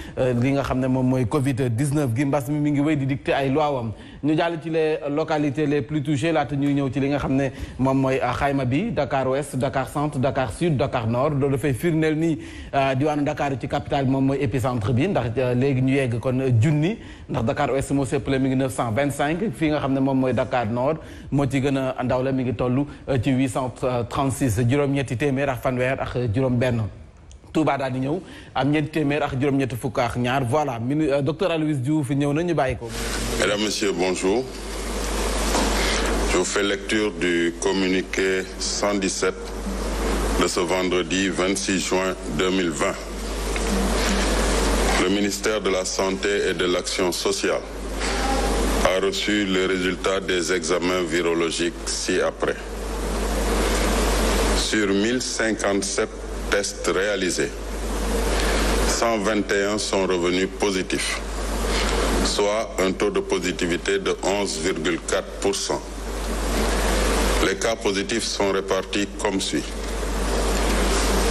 li nga xam ne moom mooy Covid 19 gi mbas mi mi ngi wéy di dicté ay luwaawam ñu jàll ci les localités les plus touchées laata ñuy ñëw ci li nga xam ne moom mooy euh, xayma bi Dakar ouest Dakar centre Dakar sud Dakar nord loolu dafay firndeel nii euh, diwaanu Dakar ci capital moom mooy épicentre bi ndax euh, léegi ñu yegg kon junni ndax Dakar ouest moo sëppale mi ngi 925 fii nga xam ne moom mooy Dakar nord moo ci gën a ndaw la mi ngi toll ci 836 juróom-ñetti téeméer ak fanweer ak juróom-benn. Touba daal di ñëw ak juróom-ñetti fukk ak ñaar voilà minu euh, docteur Aloyse Diouf ñëw na ñu bàyyi ko. Mesdames, Messieurs, bonjour. Je vous fais lecture du communiqué 117 de ce vendredi 26 juin 2020. Le ministère de la Santé et de l'Action sociale a les résultats des examens virologiques ci-après. Sur 1057 tests réalisés, 121 sont revenus positifs, soit un taux de positivité de 11,4%. Les cas positifs sont répartis comme suit.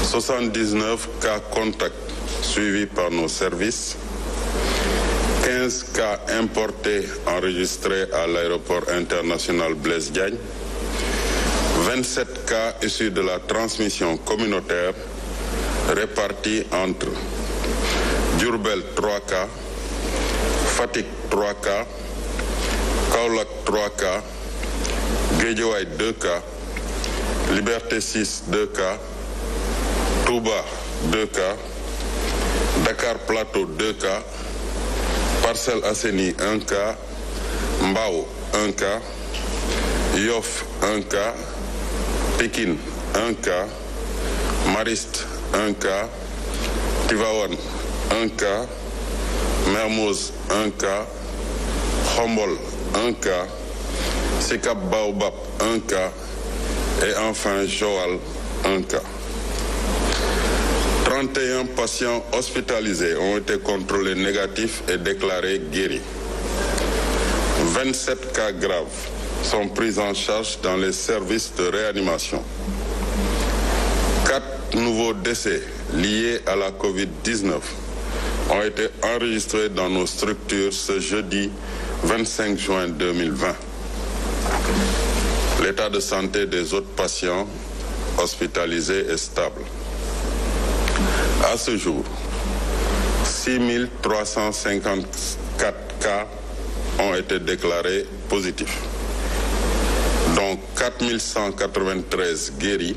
79 cas contacts suivis par nos services, 15 cas importés enregistrés à l'aéroport international Blaise Diagne, 27 cas issus de la transmission communautaire répartis entre jurbel 3 cas, Fatick 3 cas, Kaolack 3 cas, Guédiawaye 2 cas, Liberté cas, Touba 2 cas, Dakar Plateau 2 cas, Parcelles Assainies 1 cas, Mbao cas, Yoff cas. Pikine un cas Mariste un cas Tivaouane un cas Mermoz un cas Khombol un cas Sicap Baobab un cas et enfin Joal un cas. patients hospitalisés ont été contrôlés négatifs et déclarés guéris. 27 cas graves. sont prises en charge dans les services de réanimation. Quatre nouveaux décès liés à la COVID-19 ont été enregistrés dans nos structures ce jeudi 25 juin 2020. L'état de santé des autres patients hospitalisés est stable. À ce jour, 6354 cas ont été déclarés positifs. donc 4193 guéris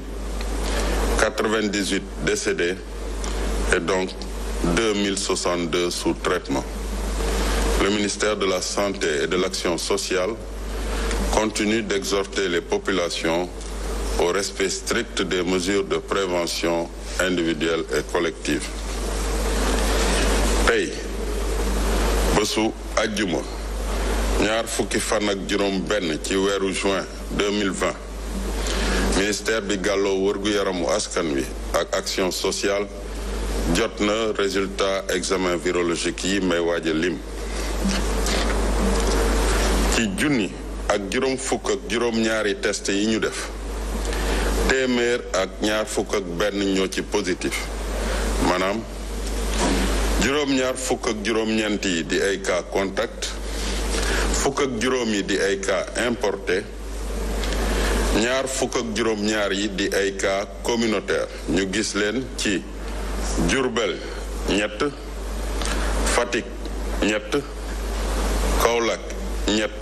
98 décédés et donc 2062 sous traitement. Le ministère de la Santé et de l'Action sociale continue d'exhorter les populations au respect strict des mesures de prévention individuelle et collective. tey bésu àjjuma ñaar fukki fan ak juróom benn ci weeru juin 2020 ministère bi gàlloo wërgu-yaramu askan wi ak action sociale jot na résultat examen virologique yi may waaj a lim ci junni ak juróom fukk ak juróom-ñaari test yi ñu def téeméer ak ñaar fukk ak benn ñoo ci positif maanaam juróom-ñaar fukk ak juróom-ñeent yi di ay cas contact fukk ak juróom yi di ay cas importé ñaar fukk ak juróom-ñaar yi di ay cas communautaire ñu gis leen ci jurbel ñett Fatick ñett Kaolack ñett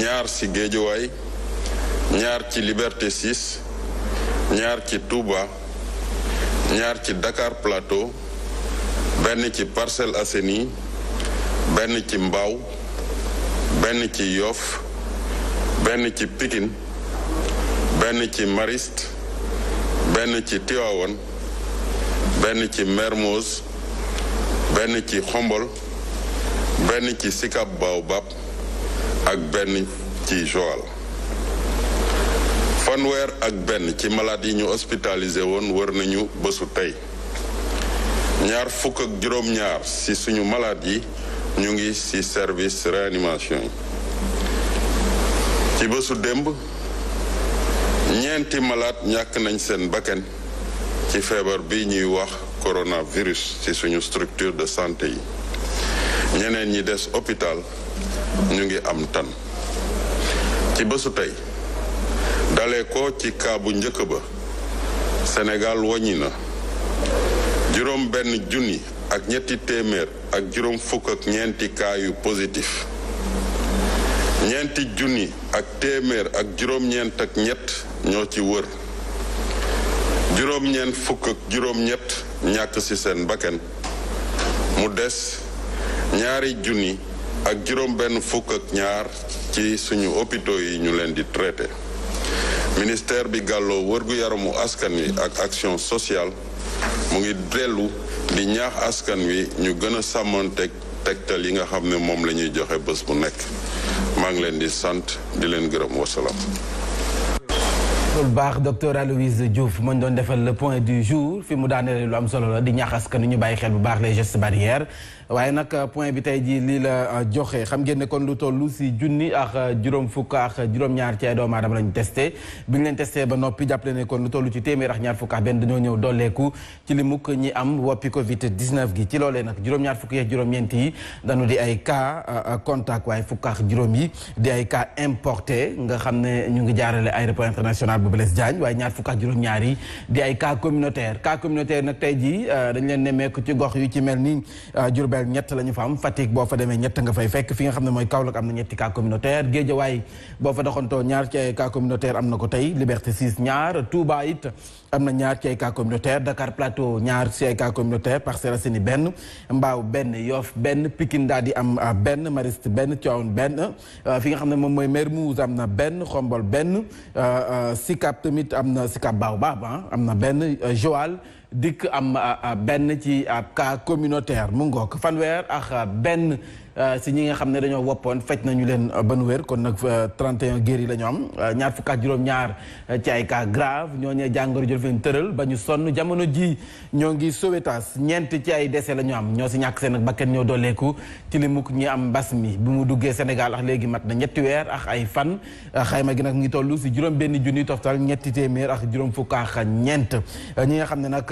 ñaar ci Géejawaay ñaar ci Liberté 6 ñaar ci tuuba ñaar ci Dakar Plateau benn ci Parcelles Assainies benn ci Mbao benn ci Yoff benn ci pitin benn ci Mariste benn ci Tivaouane benn ci Mermoz benn ci Xombol benn ci Sicap Baobab ak benn ci Joal fanweer ak benn ci malade yi ñu hospitalisé woon wër nañu bésu tey ñaar fukk ak juróom-ñaar ci suñu malade yi ñu ngi ci service réanimation yi ci bésu démb ñeenti malaat ñàkk nañ seen bakken ci feebar bi ñuy wax coronavirus ci suñu structure de santé yi ñeneen ñi des hôpital ñu ngi am tan ci bésu tey dale ci kaa bu njëkk ba Sénégal waññi na juróom benn junni ak ñetti téeméer ak juróom fukk ak ñeenti kaa yu positif ñeenti junni ak téeméer ak juróom ñeent ak ñett ñoo ci wër juróom ñàkk ci seen bakkan mu des ñaari junni ak juróom benn fukk ak ñaar ci suñu hôpitaux yi ñu leen di traité ministère bi gàlloo wërgu-yaramu askan wi ak action sociale mu ngi dellu di ñaax askan wi ñu gën a sàmmanteeg tegtal yi nga xam ne moom la ñuy joxe bés bu nekk maa ngi leen di sant di leen gërëm wasalaam bu baax docteur Aloïse Diouf moo ñu doon defal le point du jour fi mu daanelee lu am solo la di ñaax askan wi ñu bàyyi xel bu baax les gestes barrières waaye nag euh, point bi tey jii lii la euh, joxe xam ngeen ne kon lu toll si junni ak euh, juróom fukk ak juróom-ñaar ci ay doomu aadama lañu testé bi leen testé ba noppi jàppale ne kon lu tollu ci téeméer ak ñaar fukk ak benn dañoo ñëw dolleeku ci li mukk ñi am woppi covid 19 gi ci loolee nag juróom-ñaar fukk yeeg juróom-ñeent yi dañu di ay cas contact waaye fukk ak juróom yi di ay nga xam ne ñu ngi jaarale aéroport international bu Blaise Diagne waaye ñaar fukk ak juróom-ñaar yi di ay cas communautaire cas communautaire nag tey jii dañ leen nemmeeku ci gox yu ci mel ni Diourbel Diourbel ñett la ñu fa am Fatick boo fa demee ñett nga fay fekk fi nga xam ne mooy Kaolack am na ñetti cas communautaire Guédiawaye boo fa doxantoo ñaar ci ay communautaire am na ko tey Liberté 6 ñaar Touba it am na ñaar ci ay cas communautaire Dakar Plateau ñaar ci ay cas communautaire Parcelles Assainies benn Mbao benn Yoff benn Pikine daal di am ah, benn Mariste benn Tivaouane benn ah, fi nga xam ne moom mooy Mermoz am na benn Xombol benn ah, Sicap tamit am na Sicap Baobab am na benn Joal dikk am benn ci ab cas communautaire mu ngook fanweer ak benn Euh, si ñi nga xam ne dañoo woppoon faj nañu leen euh, ban wér kon nag 31 euh, guéris la am ñaar fukk juróom-ñaar ci ay cas grave ñoo ñee jàngoro jël leen ba ñu sonn jamono ji ñoo ngi Sowétas ñeent ci ay décès la ñu am ñoo si ñàkk seen ak bakkan ñoo dooleeku ci li mukk ñi am mbas mi bu mu duggee Sénégal ak léegi mat na ñetti ak ay fan xayma gi nag ngi toll si juróom benn junni ñetti téeméer ak juróom fukk ak ñeent ñi nga xam ne nag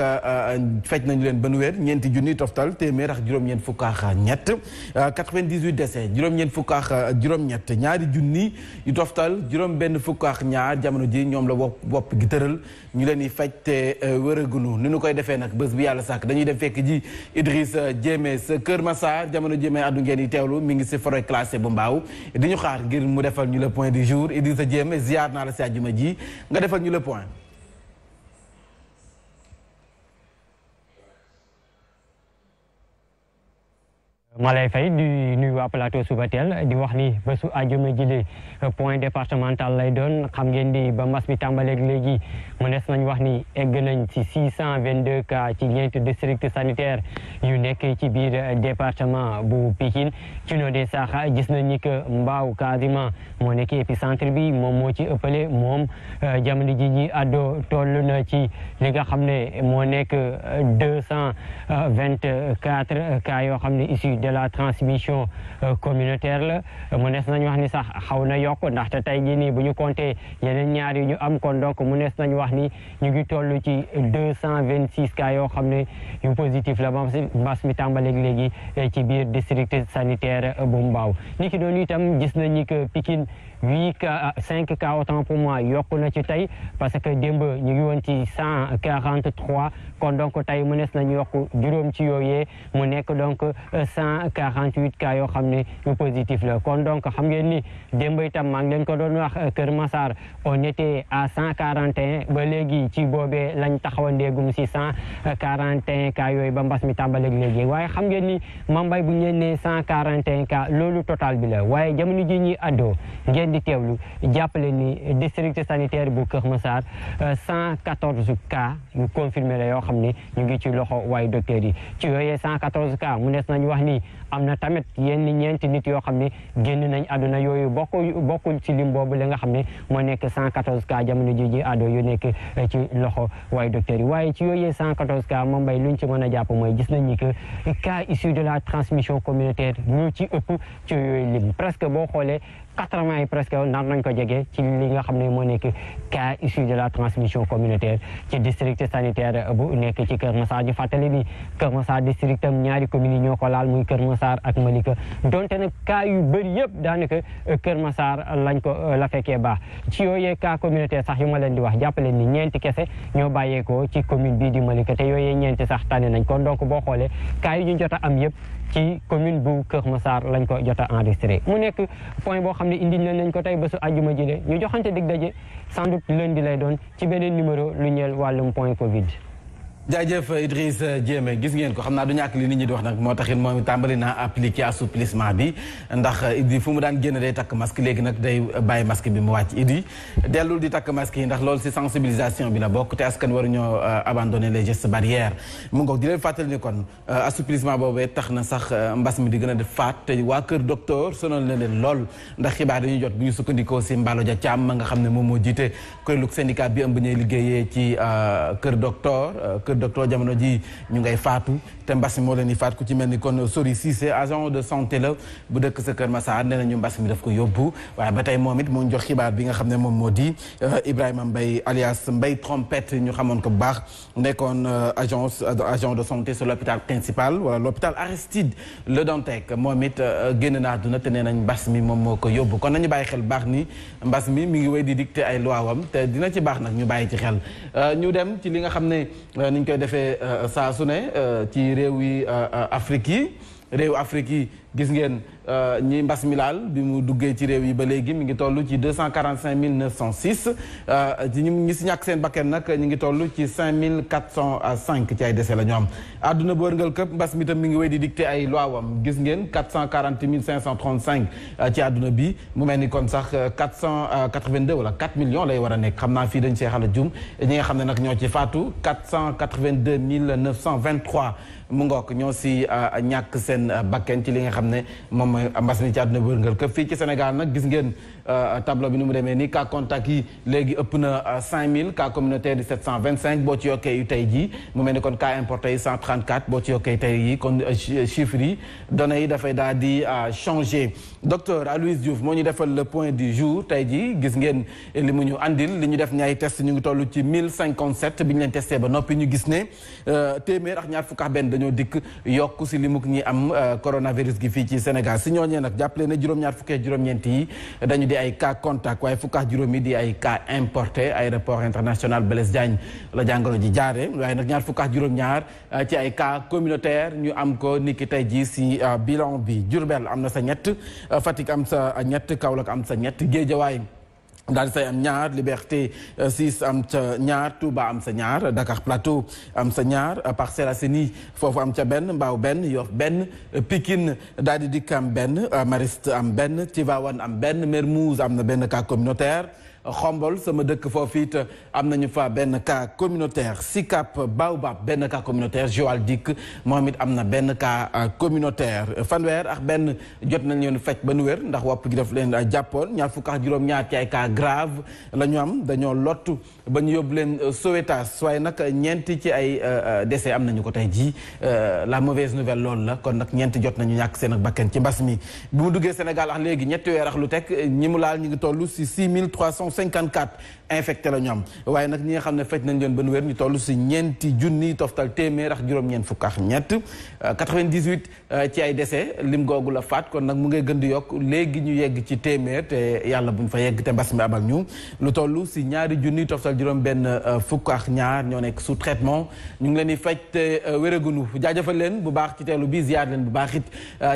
faj nañu leen ban wér ñeenti junni toftal téeméer ak juróom-ñeent fukk ak ñett 98 décès juróom-ñeent fukk ak euh, juróom-ñett ñaari junni yu toftal juróom-benn fukk ak ñaar jamono ji ñoom la wopp wopp gi tëral ñu leen di faj te euh, wërëgunu nu nu koy defee nag bés bi yàlla sàkk dañuy dem fekk ji Idrissa Diémé sa Kër Massar jamono ji may addu ngeen yi teewlu mi ngi si forêt classée bu mbaaw di ñu xaar ngir mu defal ñu le point du jour Idrissa Diémé ziar naa la si àjjuma ji nga defal ñu le point. ma lay fay di nuyu waa plateau suba teel di wax ni bésu àjjuma jile point départemental lay doon xam ngeen di ba mbas bi tàmbaleeg léegi mu des nañ wax ni egg nañ ci 622 cas ci ñeenti district sanitaire yu nekk ci biir département bu Pikine ci noonee sax gis nañ ni que Mbao quasiment moo nekk épicentre bi moom moo ci ëppale moom euh, jamono ji ñi addo toll na ci li nga xam ne moo nekk vingt quatre cas yoo xam ne issus de la transmission euh, communautaire la nees nañu wax ni sax xaw na yokk ndaxte tey jii nii bu ñu compté yeneen ñaar yu ñu am kon donc nees nañu wax ni ñu ngi tollu ci deux cent vingt six cas yoo xam ne yu positif la mbas mi tàmbaleeg léegi euh, ci biir district sanitaire bu Mbaaw ni ki noonu itam gis nañu que Pikine huit cas cinq cas autant pour moi yokku na ci tey parce que démb ñu ngi woon ci cent quarante trois kon donc tey mënees nañu yokku juróom ci yooyee mu nekk donc euh, cent quarante huit yoo xam ne la kon donc xam ngeen ni démb itam maa ngi leen ko doon wax euh, Kër Massar on était à cent quarante ba léegi ci boobee lañ taxawandéegum si cent euh, quarante et un cas yooyu ba mbas mi tàmbaleeg léegi waaye xam ngeen ni mambay bu ñu leen nee cent quarante loolu total bi la waaye jamono ji di teewlu jàppale ni district sanitaire bu Kër Massar 114 euh, cas yu la yoo xam ne ñu ngi ci loxo waaye docteur yi ci yooyee 114 cas mu des nañ wax yoo xam ne génn nañ àdduna yooyu bokkul bokkul ci lim boobu la nga xam ne moo nekk 114 cas jamono ji ji yu nekk euh, ci loxo waaye docteur yi waaye ci yooyee 114 cas moom bay luñ ci mën a jàpp mooy gis nañ ni que cas issu de la transmission communautaire ñoo ci ëpp ci yooyu lim presque boo xoolee 80 yi presque nar nañ ko jege ci li nga xam ne moo nekk cas issu de la transmission communautaire ci district sanitaire bu nekk ci Kër Massar ñu fàttali ni Kër Massar district am ñaari communes yi ñoo ko laal muy Kër Massar ak Malika donte nag cas yu bëri yëpp daanaka Kër Massar lañ ko euh, la fekkee baax ci yooyee cas communautaire sax yu ma leen di wax jàppale ni ñeenti kese ñoo bàyyeekoo ci commune bii di Malika te yooyee ñeenti sax tane nañ ko donc boo xoolee cas yi ñu jot ci commune bu Kër Massar lañ ko jota a enregistré mu nekk point boo xam ne indi leen nañ ko tey ba su àjjuma ji ñu joxante dig daje sans doute lundi lay doon ci beneen numéro lu ñeel wàllum point Covid. jaajëf Idriss Diémé gis ngeen ko xam naa du ñàkk li nit ñi di wax nag moo taxit moom tàmbali naa bi ndax uh, Idriss fu mu daan génn day takk masque léegi nag day bàyyi masque bi mu wàcc Idriss dellul di takk masque yi ndax lool si sensibilisation bi la bokk te askan waruñoo uh, abandonner les gestes barrières mu ngoog di leen fàttali ni kon uh, assouplissement boobee tax na sax mbas mi di gën a di faat te waa kër docteur sonal ne leen lool ndax xibaar dañuy jot bu ñu sukkandikoo ci Mballo Dia Thiam ma nga xam ne moom moo jiite kuréelu syndicat bi am ëmb ñuy liggéeyee ci kër docteur docteur jamono ji ñu ngay faatu te mbas mi moo leen di faat ku ci mel ni kon Sori Cissé agent de santé la bu dëkk sa Kër Massar nee nañu mbas mi daf ko yóbbu waaye ba tey moom it mu jox xibaar bi nga xam ne moom moo di euh, Ibrahima Mbaye alias Mbaye trompette ñu xamoon ko baax nekkoon euh, agent de santé sur l'hôpital principal wala l'hôpital Aristide Le Dantec moom it euh, génn na àdduna te nee nañ mbas mi moom moo ko yóbbu kon nañu bàyyi xel baax ni mbas mi mi ngi wéy di dicté ay loi wam te dina ci baax nag ñu bàyyi ci xel ñu dem ne niñ koy defee saa su ne réew yi euh, euh, Afrique yi réew Afrique yi gis ngeen euh, ñi mbas mi laal bi mu duggee ci réew yi ba léegi mi ngi toll ci deux cent quarante cinq mille neuf cent six euh, ci ñi ñi si ñàkk seen bakkan nag ñu ngi toll ci cinq mille quatre cent cinq ci ay décès la am. àdduna bu wërngal këpp mbas mi tam mi ngi wéy di dicté ay loawam gis ngeen quatre cent quarante mille cinq cent trente cinq euh, ci àdduna bi mu mel kon sax quatre cent quatre vingt deux lay war a nekk xam naa fii dañ see xala jum ñi nga xam ne nag ñoo ci faatu quatre cent quatre vingt deux mille neuf cent vingt trois mu ngoog ñoo si ñàkk seen bakkan ci li nga xam. xam ne moom mooy mbas mi ci àdduna wërngal këpp fii ci Sénégal nag gis ngeen Euh, tableau bi ni mu demee nii cas contact yi léegi ëpp na 5000 euh, cas communautaire di 725 boo ci yokkee yu tey jii mu mel ni kon cas importé yi 134 boo ci yokkee tey jii kon euh, chiffres yi données yi dafay daal di changer docteur Aloyse Diouf moo ñu defal le point du jour tey jii gis ngeen li mu ñu andil li ñu def ñaari test ñu ngi toll ci 1057 bi ñu leen testé ba noppi ñu gis ne téeméer ak ñaar fukk benn dañoo dikk yokk si li limuk ñi am coronavirus gi fii ci Sénégal si ñooñee nag jàppale ne juróom-ñaar fukki juróom-ñeent yi dañu di ay cas contact waaye fukk ak juróom yi di ay cas importé aéroport international Blaise Diagne la jàngoro ji jaare waaye nag ñaar fukk juróom-ñaar euh, ci ay cas communautaire ñu am ko nikki tey jii si euh, bilan bi Diourbel am na sa ñett euh, Fatick am sa ñett Kaolack am sa ñett Guédiawaye daal di say am ñaar Liberté 6 euh, am ca ñaar Touba am sa ñaar Dakar Plateau am sa ñaar Parcelles Assainies foofu am ca benn mbaaw benn Yoff benn Pikine daal di dikk am benn Mariste am benn Tivaouane am benn Mermoz am na benn cas communautaire xombol sama dëkk foofu it am nañu fa benn cas communautaire Sicap Baobab benn cas communautaire Joal dikk moom it am na benn cas euh, communautaire fanweer ak benn jot nañ leen faj ba nu wér ndax wopp gi daf leen jàppoon ñaar fukk ak juróom-ñaar ci ay cas grave la ñu am dañoo lot ba ñu yóbbu leen euh, Sowétas waaye nag ñeenti ci ay euh, décès am nañu ko tey jii la mauvaise nouvelle loolu la kon nag ñeenti jot nañu ñàkk seen ak bakken ci mbas mi bi mu duggee Sénégal ak léegi ñetti weer ak lu teg ñi mu laal ñu ngi toll si 54 infecté la ñoom am waaye nag ñi nga xam ne faj nañ leen ba nu wér ñu toll si ñeenti junni toftal téeméer ak juróom-ñeent fukk ak ñett 98 euh, euh, ci ay décès lim googu la faat kon nag mu ngay gën di yokk léegi ñu yegg ci téeméer te yàlla bu buñ fa yegg te mbas mi abal ñu lu toll si ñaari junni toftal juróom-benn euh, fukk ak ñaar ñoo nekk sous traitement ñu ngi leen di faj te wéragunu jaajëfal leen bu baax ci telu bi ziar leen bu baax it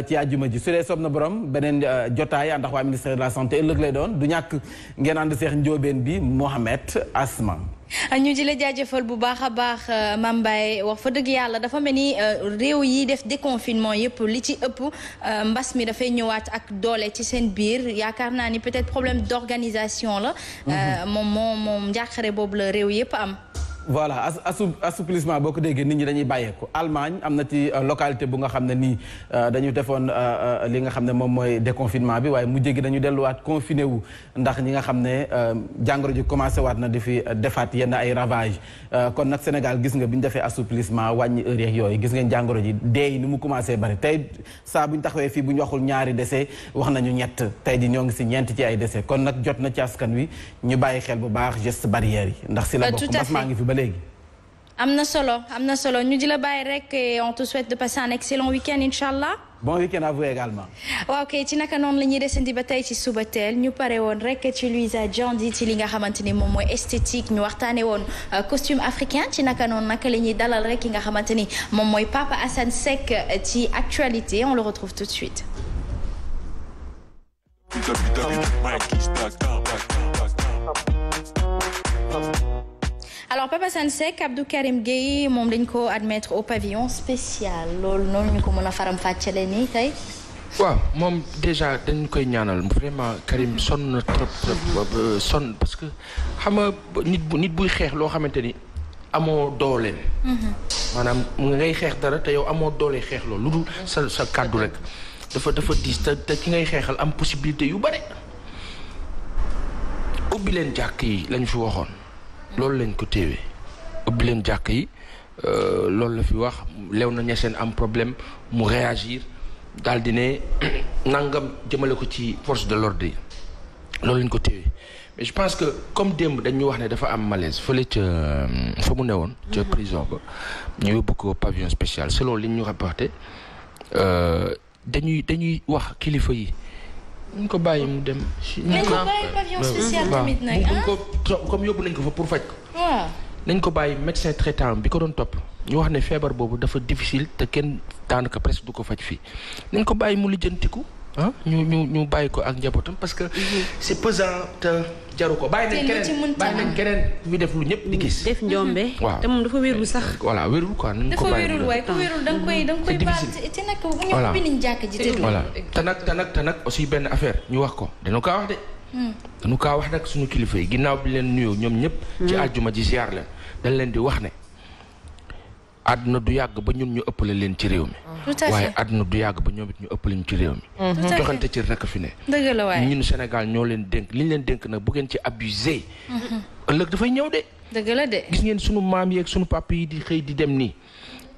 ci àjjuma ji su dee soob na borom beneen jotaay àndax waa ministère de la santé ëllëg lay doon du ñàkk ngeen ànd seex bi Mohamed Asma. ñu di la jaajëfal bu baax a baax euh, Mame Mbaye wax fa dëgg yàlla dafa mel ni euh, réew yi def déconfinement yëpp li ci ëpp euh, mbas mi dafay ñëwaat ak doole ci seen biir yaakaar naa ni peut-être problème d'organisation la. Mhm. moom moom moom njàqare boobu la réew yëpp am. voilà assouplissement boo ko déggee nit ñi dañuy bàyyeeku Allemagne am na ci euh, localité bu nga xam ne nii euh, dañu defoon euh, li nga xam ne moom mooy déconfinement bi waaye mu gi dañu delluwaat confiné wu ndax ñi nga xam ne jàngoro ji commencé waat na di defaat yenn ay ravage kon nag Sénégal gis nga bi ñu defee assouplissement wàññi heure yeeg yooyu gis ngeen jàngoro ji deey ni mu commencé bari tey saa bu ñu taxawee fii bu ñu waxul ñaari décès wax nañu ñett tey di ñoo ngi si ñeent ci ay décès kon nag jot na ci askan wi ñu bàyyi xel bu baax geste barrière yi ndax léegi. am na solo am na solo ñu di la bàyyi rek et on te souhaite de passer un excellent week-end incha allah. bon week-end vous également. ok ci naka noonu la ñuy desandi ba tey ci suba teel ñu pare woon rek ci Luisa Diandi ci li nga xamante ni moom mooy esthétique ñu waxtaanee woon euh, costume africain ci naka noonu nak la ñuy dalal rek ki nga xamante ni moom mooy Papa Assane Seck euh, ci actualité on le retrouve tout de suite. alors Papa Sansek Abdou Karim Gueye moom dañ ko admettre au pavillon spécial loolu noonu ñu ko mën a faram fàccele nii tey waaw moom déjà dañ koy ñaanal vraiment Karim son trop trop sonn parce que xam nga nit bu nit buy xeex loo xamante ni amoo dooleem mhm. maanaam ngay xeex dara te yow amoo doole xeex loolu lu dul sa sa kàddu rek dafa dafa diis te ki ngay xeexal am possibilité yu bare ubbi leen jàkk yi lañ fi waxoon loolu leen ko téewee ubbi leen jàkk yi euh, loolu la fi wax lew na seen am problème mu réagir daal di ne nangam jëmale ko ci force de l'ordre yi loolu lañ ko téewee mais je pense que comme démb dañuy wax ne dafa am malaise fële ca euh, fa mu newoon ca mhm. prison ba ñu yóbbu ko pavillon spécial selon li ñu rapporté euh, dañuy dañuy wax kilifa yi ñu ko bàyyi mu dem. nañ ko bàyyi pavillon spécial ah. yóbbu nañ ko fa pour faj ko. waaw nañ ko bàyyi médecin traitant bi ko doon topp. ñu wax ne feebar boobu dafa difficile te kenn daanaka presque du ko faj fii nañ ko bàyyi mu lijjantiku. ah ñu ñu ñu bàyyi ko ak njabootam parce que. Mhm. c'est pesant te jaru ko bàyyi nañ keneen bàyyi nañ keneen muy def lu ñëpp di gis. Mhm. def njombe. Mhm. waaw te moom dafa wérul sax. voilà wérul quoi nañ ko bàyyi. dafa wérul waay ku wérul da nga koy da nga koy baal te nag te nag te nag aussi benn affaire ñu wax ko dañu kaa wax de. Hmm. dañu kaa wax nag suñu kilifa yi ginnaaw bi leen nuyoo ñoom ñëpp. ci hmm. àjjuma ji ziar leen dañ leen di wax ne. àdduna du yàgg ba ñun ñu ëppale leen ci réew mi. waaye àdduna du yàgg ba ñoom it ñu ëppale ñu ci réew mi. joxante ci rekk fi ne. dëgg waaye ñun Sénégal ñoo leen dénk li ñu leen dénk nag bu ngeen ci abusé. Mm-hmm. ëllëg dafay ñëw de. gis ngeen sunu maam yeeg sunu pàpp yi di xëy di dem nii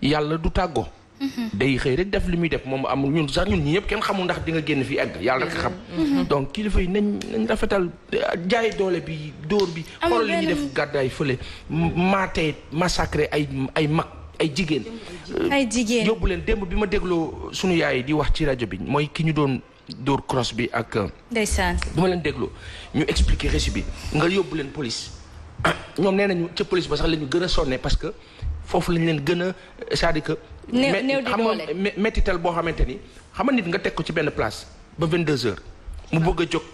yàlla du tàggoo. Mm-hmm. day xëy rek def li muy def moom amul ñun sax ñun ñi yëpp kenn xamul ndax dinga génn fi egg yàlla rek xam mm-hmm. donc kilifa yi nañ nañ rafetal jaay doole bi dóor bi xoolal li ñuy def gàddaay fële maatee massacré ay ay mag ay jigéen. ay jigéen yóbbu leen démb bi ma dégloo suñu yaay di wax ci rajo bi mooy ki ñu doon dóor cross bi ak. Euh, ndeysaan bi ma leen déglu ñu expliqué récit bi nga yóbbu leen police moom nee nañu ca police ba sax la ñu gën a parce que foofu lañ leen gën a euh, c'est-à-dire que. néew néew di doole xam nga mettital boo xamante ni xam nga nit nga teg ko ci benn place ba 22h mu ah. bëgg a jóg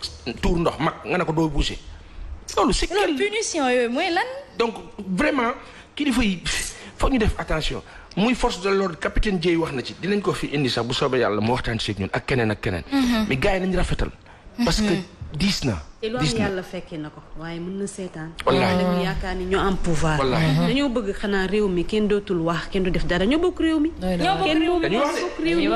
tuur ndox mag nga ne ko doo bouger. loolu c'est quelle yooyu mooy lan. donc vraiment kilifa yi. foog ñu def attention muy force de l'ordre capitaine Dieye wax na ci dinañ ko fi indi sax bu soobee yàlla mu waxtaan ci ñun ak keneen ak keneen. Mhm. mais gars yi nañu rafetal. parce que mhm. diis na. diis na yàlla fekkee na ko waaye mën na seetaan. wallaahi dañu yaakaar ni ñoo am pouvoir. wallaahi mhm. dañoo bëgg xanaa réew mi kenn dootul wax kenn du def dara ñoo bokk réew mi. ñoo bokk réew mi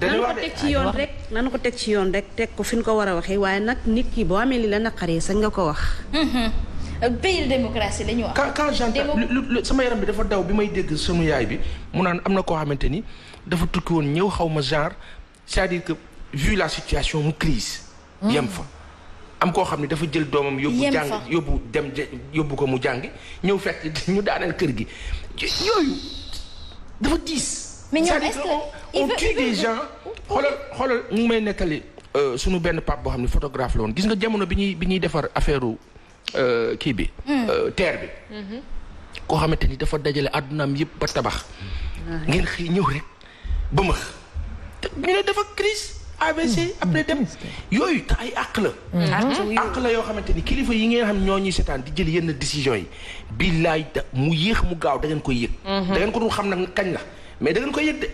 dañu ko teg ci yoon rek. ko teg ci yoon rek teg ko fi ñu ko war a waxee waaye nag nit kii boo amee li la naqaree sañ nga ko wax. Euh, pays de démocratie la ñu wax. bi dafa daw bi may dégg sunu yaay bi mu naan am na koo xamante ni dafa tukki woon ñëw xaw ma genre c'est-à-dire que vu la situation mu crise hmm. yem fa am koo xam ne dafa jël doomam yóbbu jàng yóbbu dem yóbbu ko mu jàngi ñëw fekk ñu daaneel kër gi yooyu dafa diis mais ñoom est mu ngi may nettali euh, sunu benn pap boo xam ne photographe la gis nga jamono bi ñuy bi ñuy defar affaire Euh, kii bi. Hmm. Euh, terre bi. Mm-hmm. koo xamante ni dafa dajale àddunaam yëpp ba tabax. Hmm. ngeen xëy ñëw rek ba mëx. ñu ne dafa crise ABC hmm. après dem yooyu te ay àq la. àq la yoo xamante ni kilifa yi ngeen xam ñoo ñuy seetaan di jël yenn décision yi billaay da mu yéex mu gaaw da koy yëg. da ngeen ko dul xam nag kañ la mais da ngeen koy yëg de.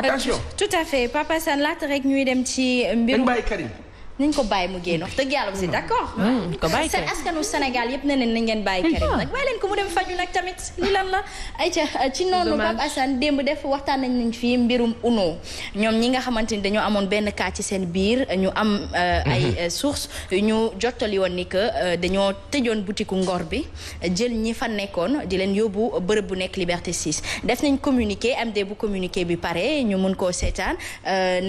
Euh, tout à fait Papa Sane laata rek ñuy dem ci. mbirum dañ bàyyi nañ ko bàyyi mu génn wax dëgg yàlla aussi d'accord. ko mmh, bàyyi seen askanu Sénégal yëpp nee nañ leen bàyyi Karim nag bàyyi leen ko mu dem faju nag tamit li lan la. ayca ci noonu Pape Assane démb def waxtaan nañ nañ fii mbirum uno ñoom ñi nga xamante ni dañoo amoon benn cas ci seen biir ñu am. Euh, ay mmh. euh, source ñu jottali woon ni que euh, dañoo tëjoon butiku ngor bi jël ñi fa nekkoon di leen yóbbu bërëb bu nekk Liberté 6 def nañ communiqué MD bu communiqué bi pare ñu mun koo seetaan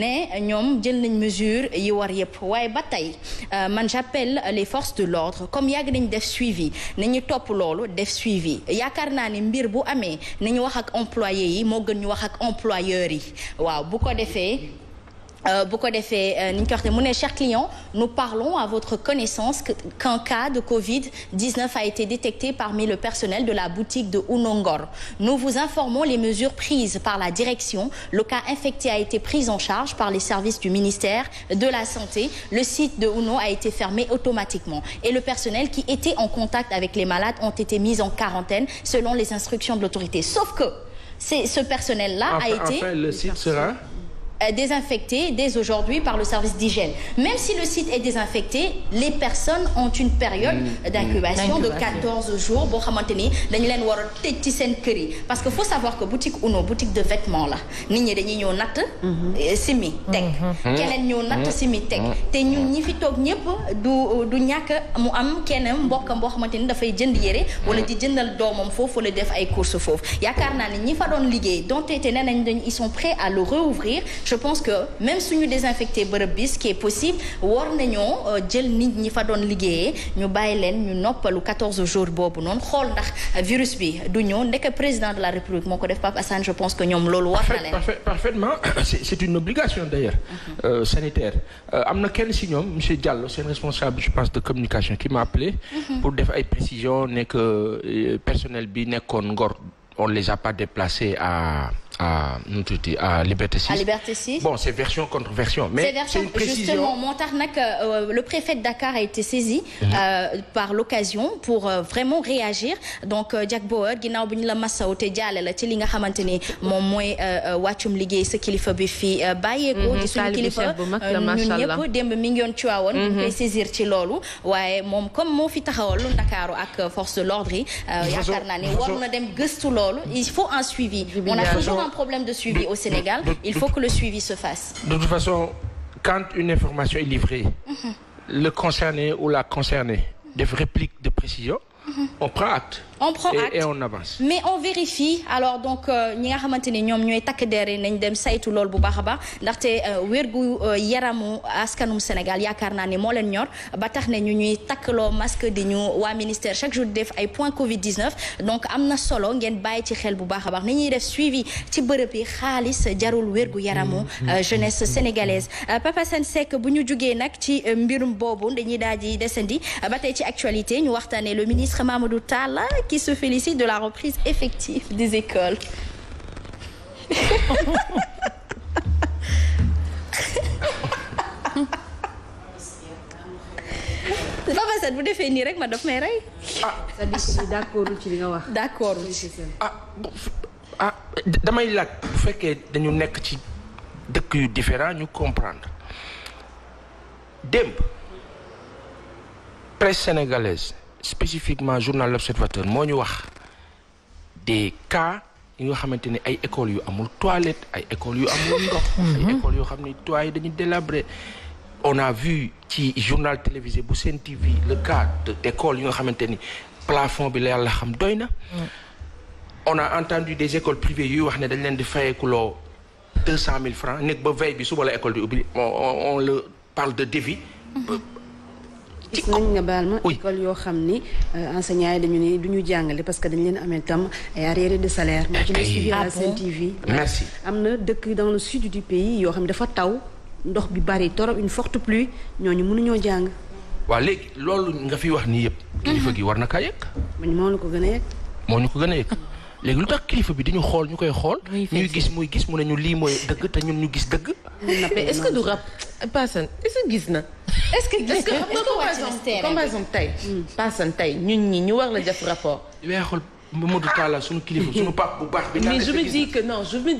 ne ñoom jël nañ mesure yi war yëpp. waaye ba tey euh, man j'appelle les forces de l'ordre comme yàgg nañu def suivi nañu topp loolu def suivi yaakaar naa ne mbir bu amee nañu wax ak employé yi moo gën ñu wax ak employeur yi waaw bu ko defee Euh, bu ko defee euh, ni ñu ko waxee ne chers clients nous parlons à votre connaissance qu'un cas de Covid-19 a été détecté parmi le personnel de la boutique de Ounongor nous vous informons par la direction le cas infecté a été par les services du ministère de la le site de Ouno a été fermé automatiquement et le personnel qui était mis en quarantaine selon les instructions de l'autorité sauf personnel-là Euh, désinfecté dès aujourd'hui par le service d'hygiène. Même si le site est désinfecté, les personnes ont une période mm, mm. d'incubation de 14 jours boo xamante ni dañu leen war a tëj ci seen kër yi parce que faut savoir que boutique Uno boutique de vêtements la nit ñi dañuy ñëw natt mm-hmm. euh, simi teg mm-hmm. Mm-hmm. keneen ñëw natt simi te ñun ñi fi toog ñëpp du du ñàkk mu am kenn mbokkam boo xamante ni dafay jënd yére wala di jëndal doomam foofu wala def ay courses foofu yaakaar naa ne ñi fa doon liggéey donte te nee nañ dañ ils sont je pense que même suñu désinfecté bërëb bi ce qui est possible war nañoo euh, jël nit ñi fa doon liggéeyee ñu bàyyi leen ñu noppalu 14 jours boobu noonu xool ndax virus bi du ñëw ndeke président de la république moo ko def Pape Assane je pense que ñoom loolu war na leen parfaitement c'est une obligation d'ailleurs mhm. euh, sanitaire euh, am na kenn si ñoom monsieur Diallo seen responsable je pense de communication qui m'a appelé mhm. pour def ay précision nekk personnel bi nekkoon Ngor on les a pas déplacés à à nu mu tuuti à Liberté 6. à c'est version contre version. mais c'est version justement moo tax nag euh, euh, le préfet de Dakar a été saisi. Mhm. Euh, par l'occasion pour euh, vraiment réagir donc Jack Bauer ginnaaw bu ñu la masaw te jaale la ci li nga xamante ni moom mooy wàccum liggéey sa kilifa bi fii bàyyeekoo. Mhm, di suñu kilifa ñun ñëpp démb mi ngi yoon Tiwaawan. ñu koy mhm. saisir ci loolu. waaye moom comme moo fi taxawal lu Ndakaaru ak force de l'ordre yi. yaakaar naa ne war na dem gëstu loolu il faut un un problème de suivi de, au Sénégal il faut que le suivi se fasse quand une information est livrée mhm. le concerné ou la concernée def réplique de précision mhm. on prend acte on prend acte et mais on vérifie alors donc euh, ñi nga xamante ni ñoom ñooy takk der yi nañ dem saytu lool bu baax a baax ndaxte euh, wér gu euh, yaramu askanum Sénégal yaakaar naa ni moo leen ñor ba tax ne ñu ñuy takkaloo masque di ñu waa ministère chaque jour def ay point Covid 19 donc am na solo ngeen bàyyi ci xel bu baax a baax ni ñuy def suivi ci bërëb yi xaalis jarul wér gu yaramu mm-hmm. jeunesse sénégalaise Papa Sane Seck bu ñu jugee nag ci mbirum boobu dañuy daal di desandi ba tey ci actualité ñu waxtaanee le ministre Mamadou Talla qui se félicite de la reprise effective des écoles. Papa Sane bu defee nii rek ma daf may rey. ah d'accord ci li nga wax. d'accord ah ah damay laaj bu fekkee dañu nekk ci dëkk yu différent ñu comprendre démb presse sénégalaise. spécifiquement journal L'Observateur moo ñu wax des cas yi nga xamante ne ay écoles yu amul toilette ay écoles yu amul ndox. ay mhm. écoles yoo xam ne toit yi dañuy délabré. on a vu ci journal télévisé bu Sen TV le cas d'écoles yi nga xamante ni plafond bi la yàlla xam doy na. Mm. on a entendu des écoles privées yuy wax ne dañ leen di fayeekuloo deux cent mille francs nekk ba veille bi suba la école di ubbi on le parle de débit. Mhm. ci gis nañ nga baal ma école yoo xam ni euh, enseignants yi dañu ne du ñu jàngale parce que dañ leen amee tam ay arriérés de salaire. moo ci eh, suivi la ah Sen TV. merci am na dëkk dans le sud du pays yoo xam ne dafa taw ndox bi bari torop une forte ñoo ñooñu mënuñoo jàng. waaw léegi loolu nga fi wax nii yëpp. kilifa gi war na kaa yëg. man moo ko gën a yëg. moo ñu ko gën a yëg. léegi lu tax kilifa bi di xool ñu koy xool. ñuy gis muy gis mu ne ñu lii mooy dëgg te ñun ñu gis dëgg. mais est-ce que du rab gis na. est que gis nga comme par exemple tey. Hmm. Paasan ñun ñi ñu war la def rapport. weexul Mamadou Talla suñu kilifa suñu pap bu baax. bi mais je me dis que non je me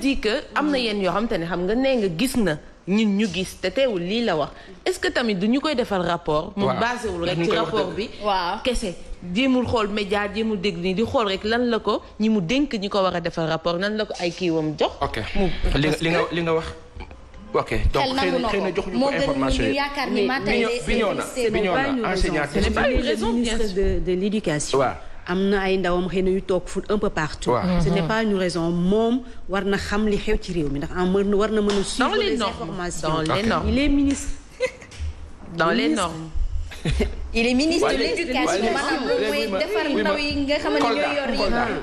am na yenn yoo xam te ne xam nga nee nga gis na. ñun ñu gis te teewul lii la wax est-ce que tamit du ñu koy defal rapport. mu basé wul rek ci rapport bi. waaw kese jéemul xool média jéemul dégg nii di xool rek lan la ko ñi mu dénk ñi ko war a defal rapport lan la ko ay kiiwam jox. ok li nga li nga li nga wax. ok donc xëy jox ñu ko information yi mais bi ñoo bi ñoo na bi ñoo na enseignant. c'est pas une raison bien sûr de de l'éducation. am na ay ndawam xëy na yu toog fu un peu partout. ce n'est mhm. pas une raison moom war na xam li xew ci réew mi ndax am war na mën a suivre les informations dans les normes il est ministre dans les normes il est ministre de l'éducation maanaam nga xam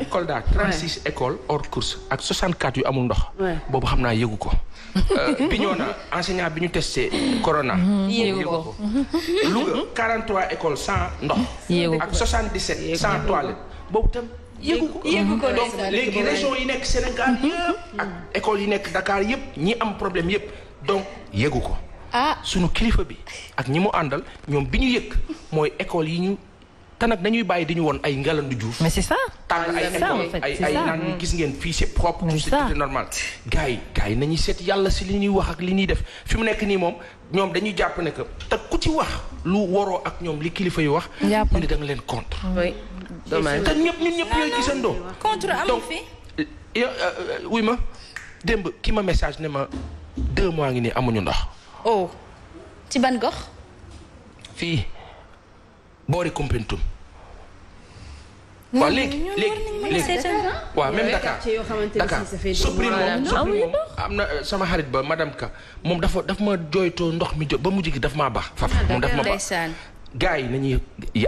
yi Kolda 36 écoles hors course ak 64 yu amul ndox boobu xam naa yëgu ko Euh, Bignona enseignant bi ñu testé corona. Mhm. yéegu ko école 43 ndox. yéegu ko ak 77 sans toilette boobu tam. yéegu ko ko donc léegi région yi nekk Sénégal mhm. yëpp. ak école yi nekk Dakar yëpp ñi am problème yëpp donc yéegu ko. ah sunu kilifa bi ak ñi mu àndal ñoom bi ñu yëg mooy école yi ñu. te nag dañuy bàyyi di ñu woon ay Ngalandou Diouf. mais c'est ça. tàng ay ay ay naan gis ngeen fii c'est propre. tout c'est normal. gars yi gars seet yàlla si li ñuy wax ak li ñuy def fi mu nekk nii moom ñoom dañuy jàpp ne que te ku ci wax lu waroo ak ñoom li kilifa yi wax. jàpp ne da nga leen contre. oui dommage te ñëpp ñun ñëpp ñooy gisandoo. contre euh, euh, euh, ma démb ki ma message ne ma deux mois ngi nii amuñu ndox. oh ci ban gox. fii. boori Koumpentoum. waaw léegi léegi ah. waaw même Dakar Dakar supprime moom ah, supprime moom am na euh, sama xarit ba madame Ka moom dafa daf ma jooytoo ndox mi jo ba mu gi daf maa baax. faf moom daf ma baax ah, gars yi nañuy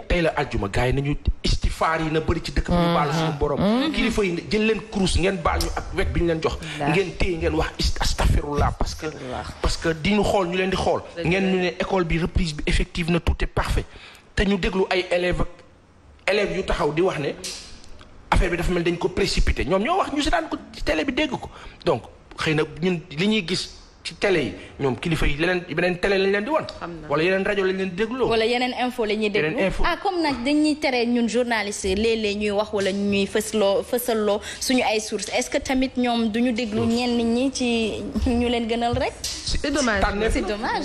tey la àjjuma gars yi nañu istifaar yi na bëri ci dëkk bi ñu baal suñu borom mm-hmm. Mm-hmm. kilifa yi jël leen kurus ngeen baal ñu ak wet bi ñu leen jox ngeen téye ngeen wax astafirullah parce que parce que di ñu xool ñu leen di xool ngeen ñu ne école bi reprise bi effective na tout te ñu déglu ay élèves ak élèves yu taxaw di wax ne affaire bi dafa mel dañ ko précipité ñoom ñoo wax ñu si daan ko ci télé bi dégg ko donc xëy na ñun li ñuy gis ci télé yi ñoom kilifa yi leneen beneen télé leen di wan. wala yeneen rajo lañ leen déglu. wala yeneen info la ñuy déglu ah comme nag dañuy tere ñun journaliste léeg ñuy wax wala ñuy fësloo fësaloo suñu ay sources est-ce que tamit ñoom duñu déglu ñenn ñi ci ñu leen gënal rek. c'est dommage c'est dommage.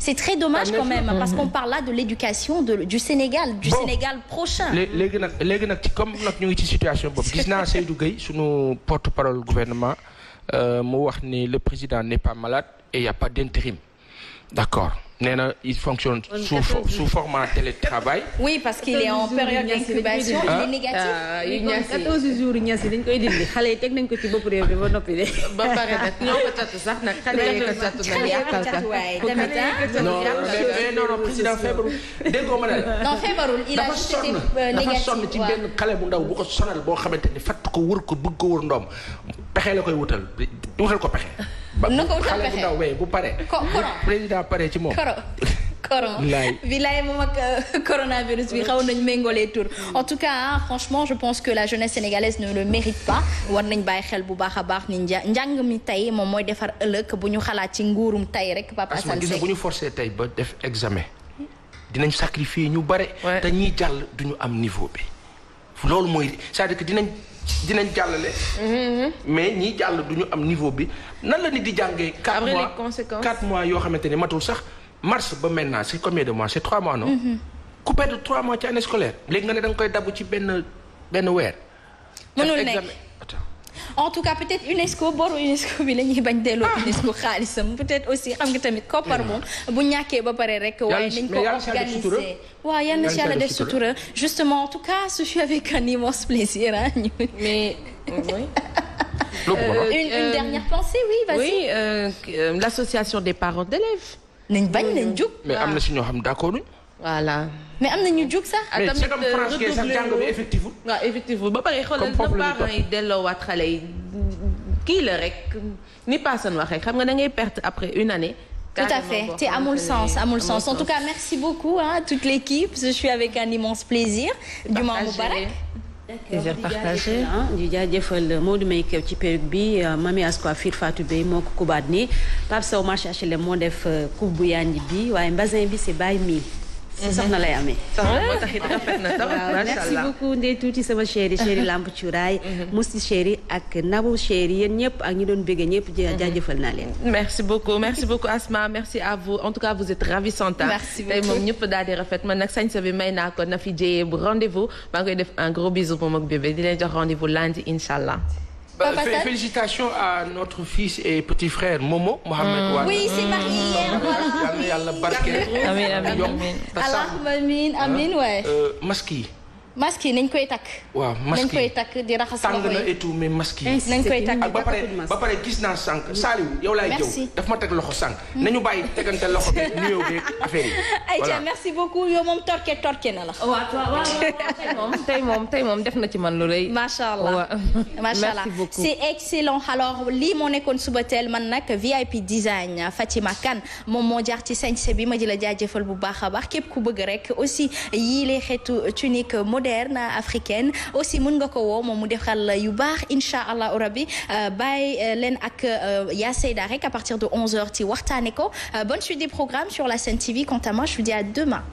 C'est très dommage quand même parce qu'on parle là de l'éducation du Sénégal du Sénégal prochain. léegi nag léegi nag comme nag ñu ngi ci situation boobu gis naa Seydou Gueye sunu porte-parole gouvernement euh, mu wax ni le président n'est pas malade et il y a pas d'intérim d'accord. nee na il fonctionne sous sous format télétravail. oui parce qu'il est en période d'incubation ah. Ah, il est négatif. yu ñaas yi 14 jours yu ñaas yi dañ koy dindi xale yi teg nañ ko ci bopp réew bi ba noppi de. ba pare nag ñoo ko tatu sax nag xale yi ko tatu nag yàqal ka. non non non président feebarul dégg nga ma ne la. non feebarul il a juste été négatif euh, dafa sonn ci benn xale bu ndaw bu ko sonal boo xamante ni fatt ko wër ko bëgg ko wër ndoom pexe la koy wutal wutal ko pexe. na ko wutal bu ndaw bu pare. ko président pare ci moom. koron bilaay moom ak coronavirus bi xaw nañ méngolee tur en tout cas hein, franchement je pense que la jeunesse sénégalaise ne le mérite pas war nañ bàyyi xel bu baax a baax ni njàng mi tey moom mooy defar ëllëg bu ñu xalaat ci nguurum tey rek papa Assane Seck bu ñu forcé tey ba def examen dinañ sacrifier ñu bare te ñiy jàll duñu am niveau bi loolu mooy cest dire que dinañ dinañ jàllale. mais ñiy jàll du ñu am niveau bi nan la nit di jàngee. quatre mois quatre mois yoo xamante ne matul sax mars ba maintenant c'est combien de mois c'est trois mois non. coupé mm-hmm. de trois mois ci année scolaire. léegi nga ne danga koy dabu ci benn benn weer. mënul nekk en tout cas peut-être UNESCO boru UNESCO bi la ñuy bañ delloo ah. UNESCO xaalisam peut-être aussi xam nga tamit koppar moom bu ba pare rek waaye nañ ko organiser waaw yal na ci yàlla def sutura justement en tout cas ce fut avec un immense plaisir ah ñu mais euh, oui. Euh, une euh, dernière pensée oui l'association des parents d'élèves. nañ bañ nañ jóg. mais am na si ñoo xam d'accord voilà mais am na ñu jug sax. tamit redoubler sax jàng bi effectif. waaw effectif ba pare xoolal na parents yi delloowaat xale yi kii la rek ni Paasan waxee xam nga da ngay perte après une année. tout à fait te amul sens amul sens en tout cas merci beaucoup à toute l'équipe je suis avec un immense plaisir. Jumaa Mubarak plaisir partagé di jaajëfal Modou may kew ci perruque bi euh, Mami Ascoa Fir Fatou Bey moo ko kubaat nii Pape Sow marché HLM moo def euh, coupe bu yànj bi waaye mbasin bi c'est bàyyi mii si soxna lay amee. soxna moo tax it rafet na trop macha allah merci beaucoup Ndeye Tuuti ak Nabou chéri yéen ñëpp ak ñi doon bëgg ñëpp jaajëfal naa leen. merci beaucoup merci beaucoup Asma merci à vous en tout cas vous êtes ravissante. merci beaucoup tey moom ñëpp daal di rafet man nag sañ-sa bi may naa ko na fi jëyee bu rendez vous maa koy def un gros bisou moom ak bébé di leen jox rendez vous lundi incha allah. Papa Sall félicitations à notre fils et petit frère Momo. Mohamed hmm. Wane. oui c'est marié hmm. hier voilà. yàlla na yàlla barkeel. amiin amiin amiin. allahumma amiin amiin waay. Euh, maski. masque yi nañ koy takk. waaw masque yi takk di raxas loxo yi tàng na et tout mais masque yi. koy takk ah, ba pare ba pare gis naa sànq Saliou yow laay daf ma teg loxo sànq. nañu bàyyi tegante loxo bi nuyoo beeg affaire yi. voilà Aïcha merci beaucoup yow moom torke torke na la. Oh, waaw waaw tey moom tey moom tey moom def na ci man lu rëy. macha allah macha allah c'est excellent alors lii moo nekkoon suba teel man nag VIP design Fatima Kane moom moo jaar ci sañse bi ma di la jaajëfal bu baax a baax ku bëgg rek moderne africaine aussi mën nga ko woo moom mu defal yu baax incha allah rabi euh, bàyyi euh, leen ak euh, Ya Seyda rek à partir de 11h ci waxtaanee ko bonne suite des programmes sur la Sen TV quant à moi je vous demain.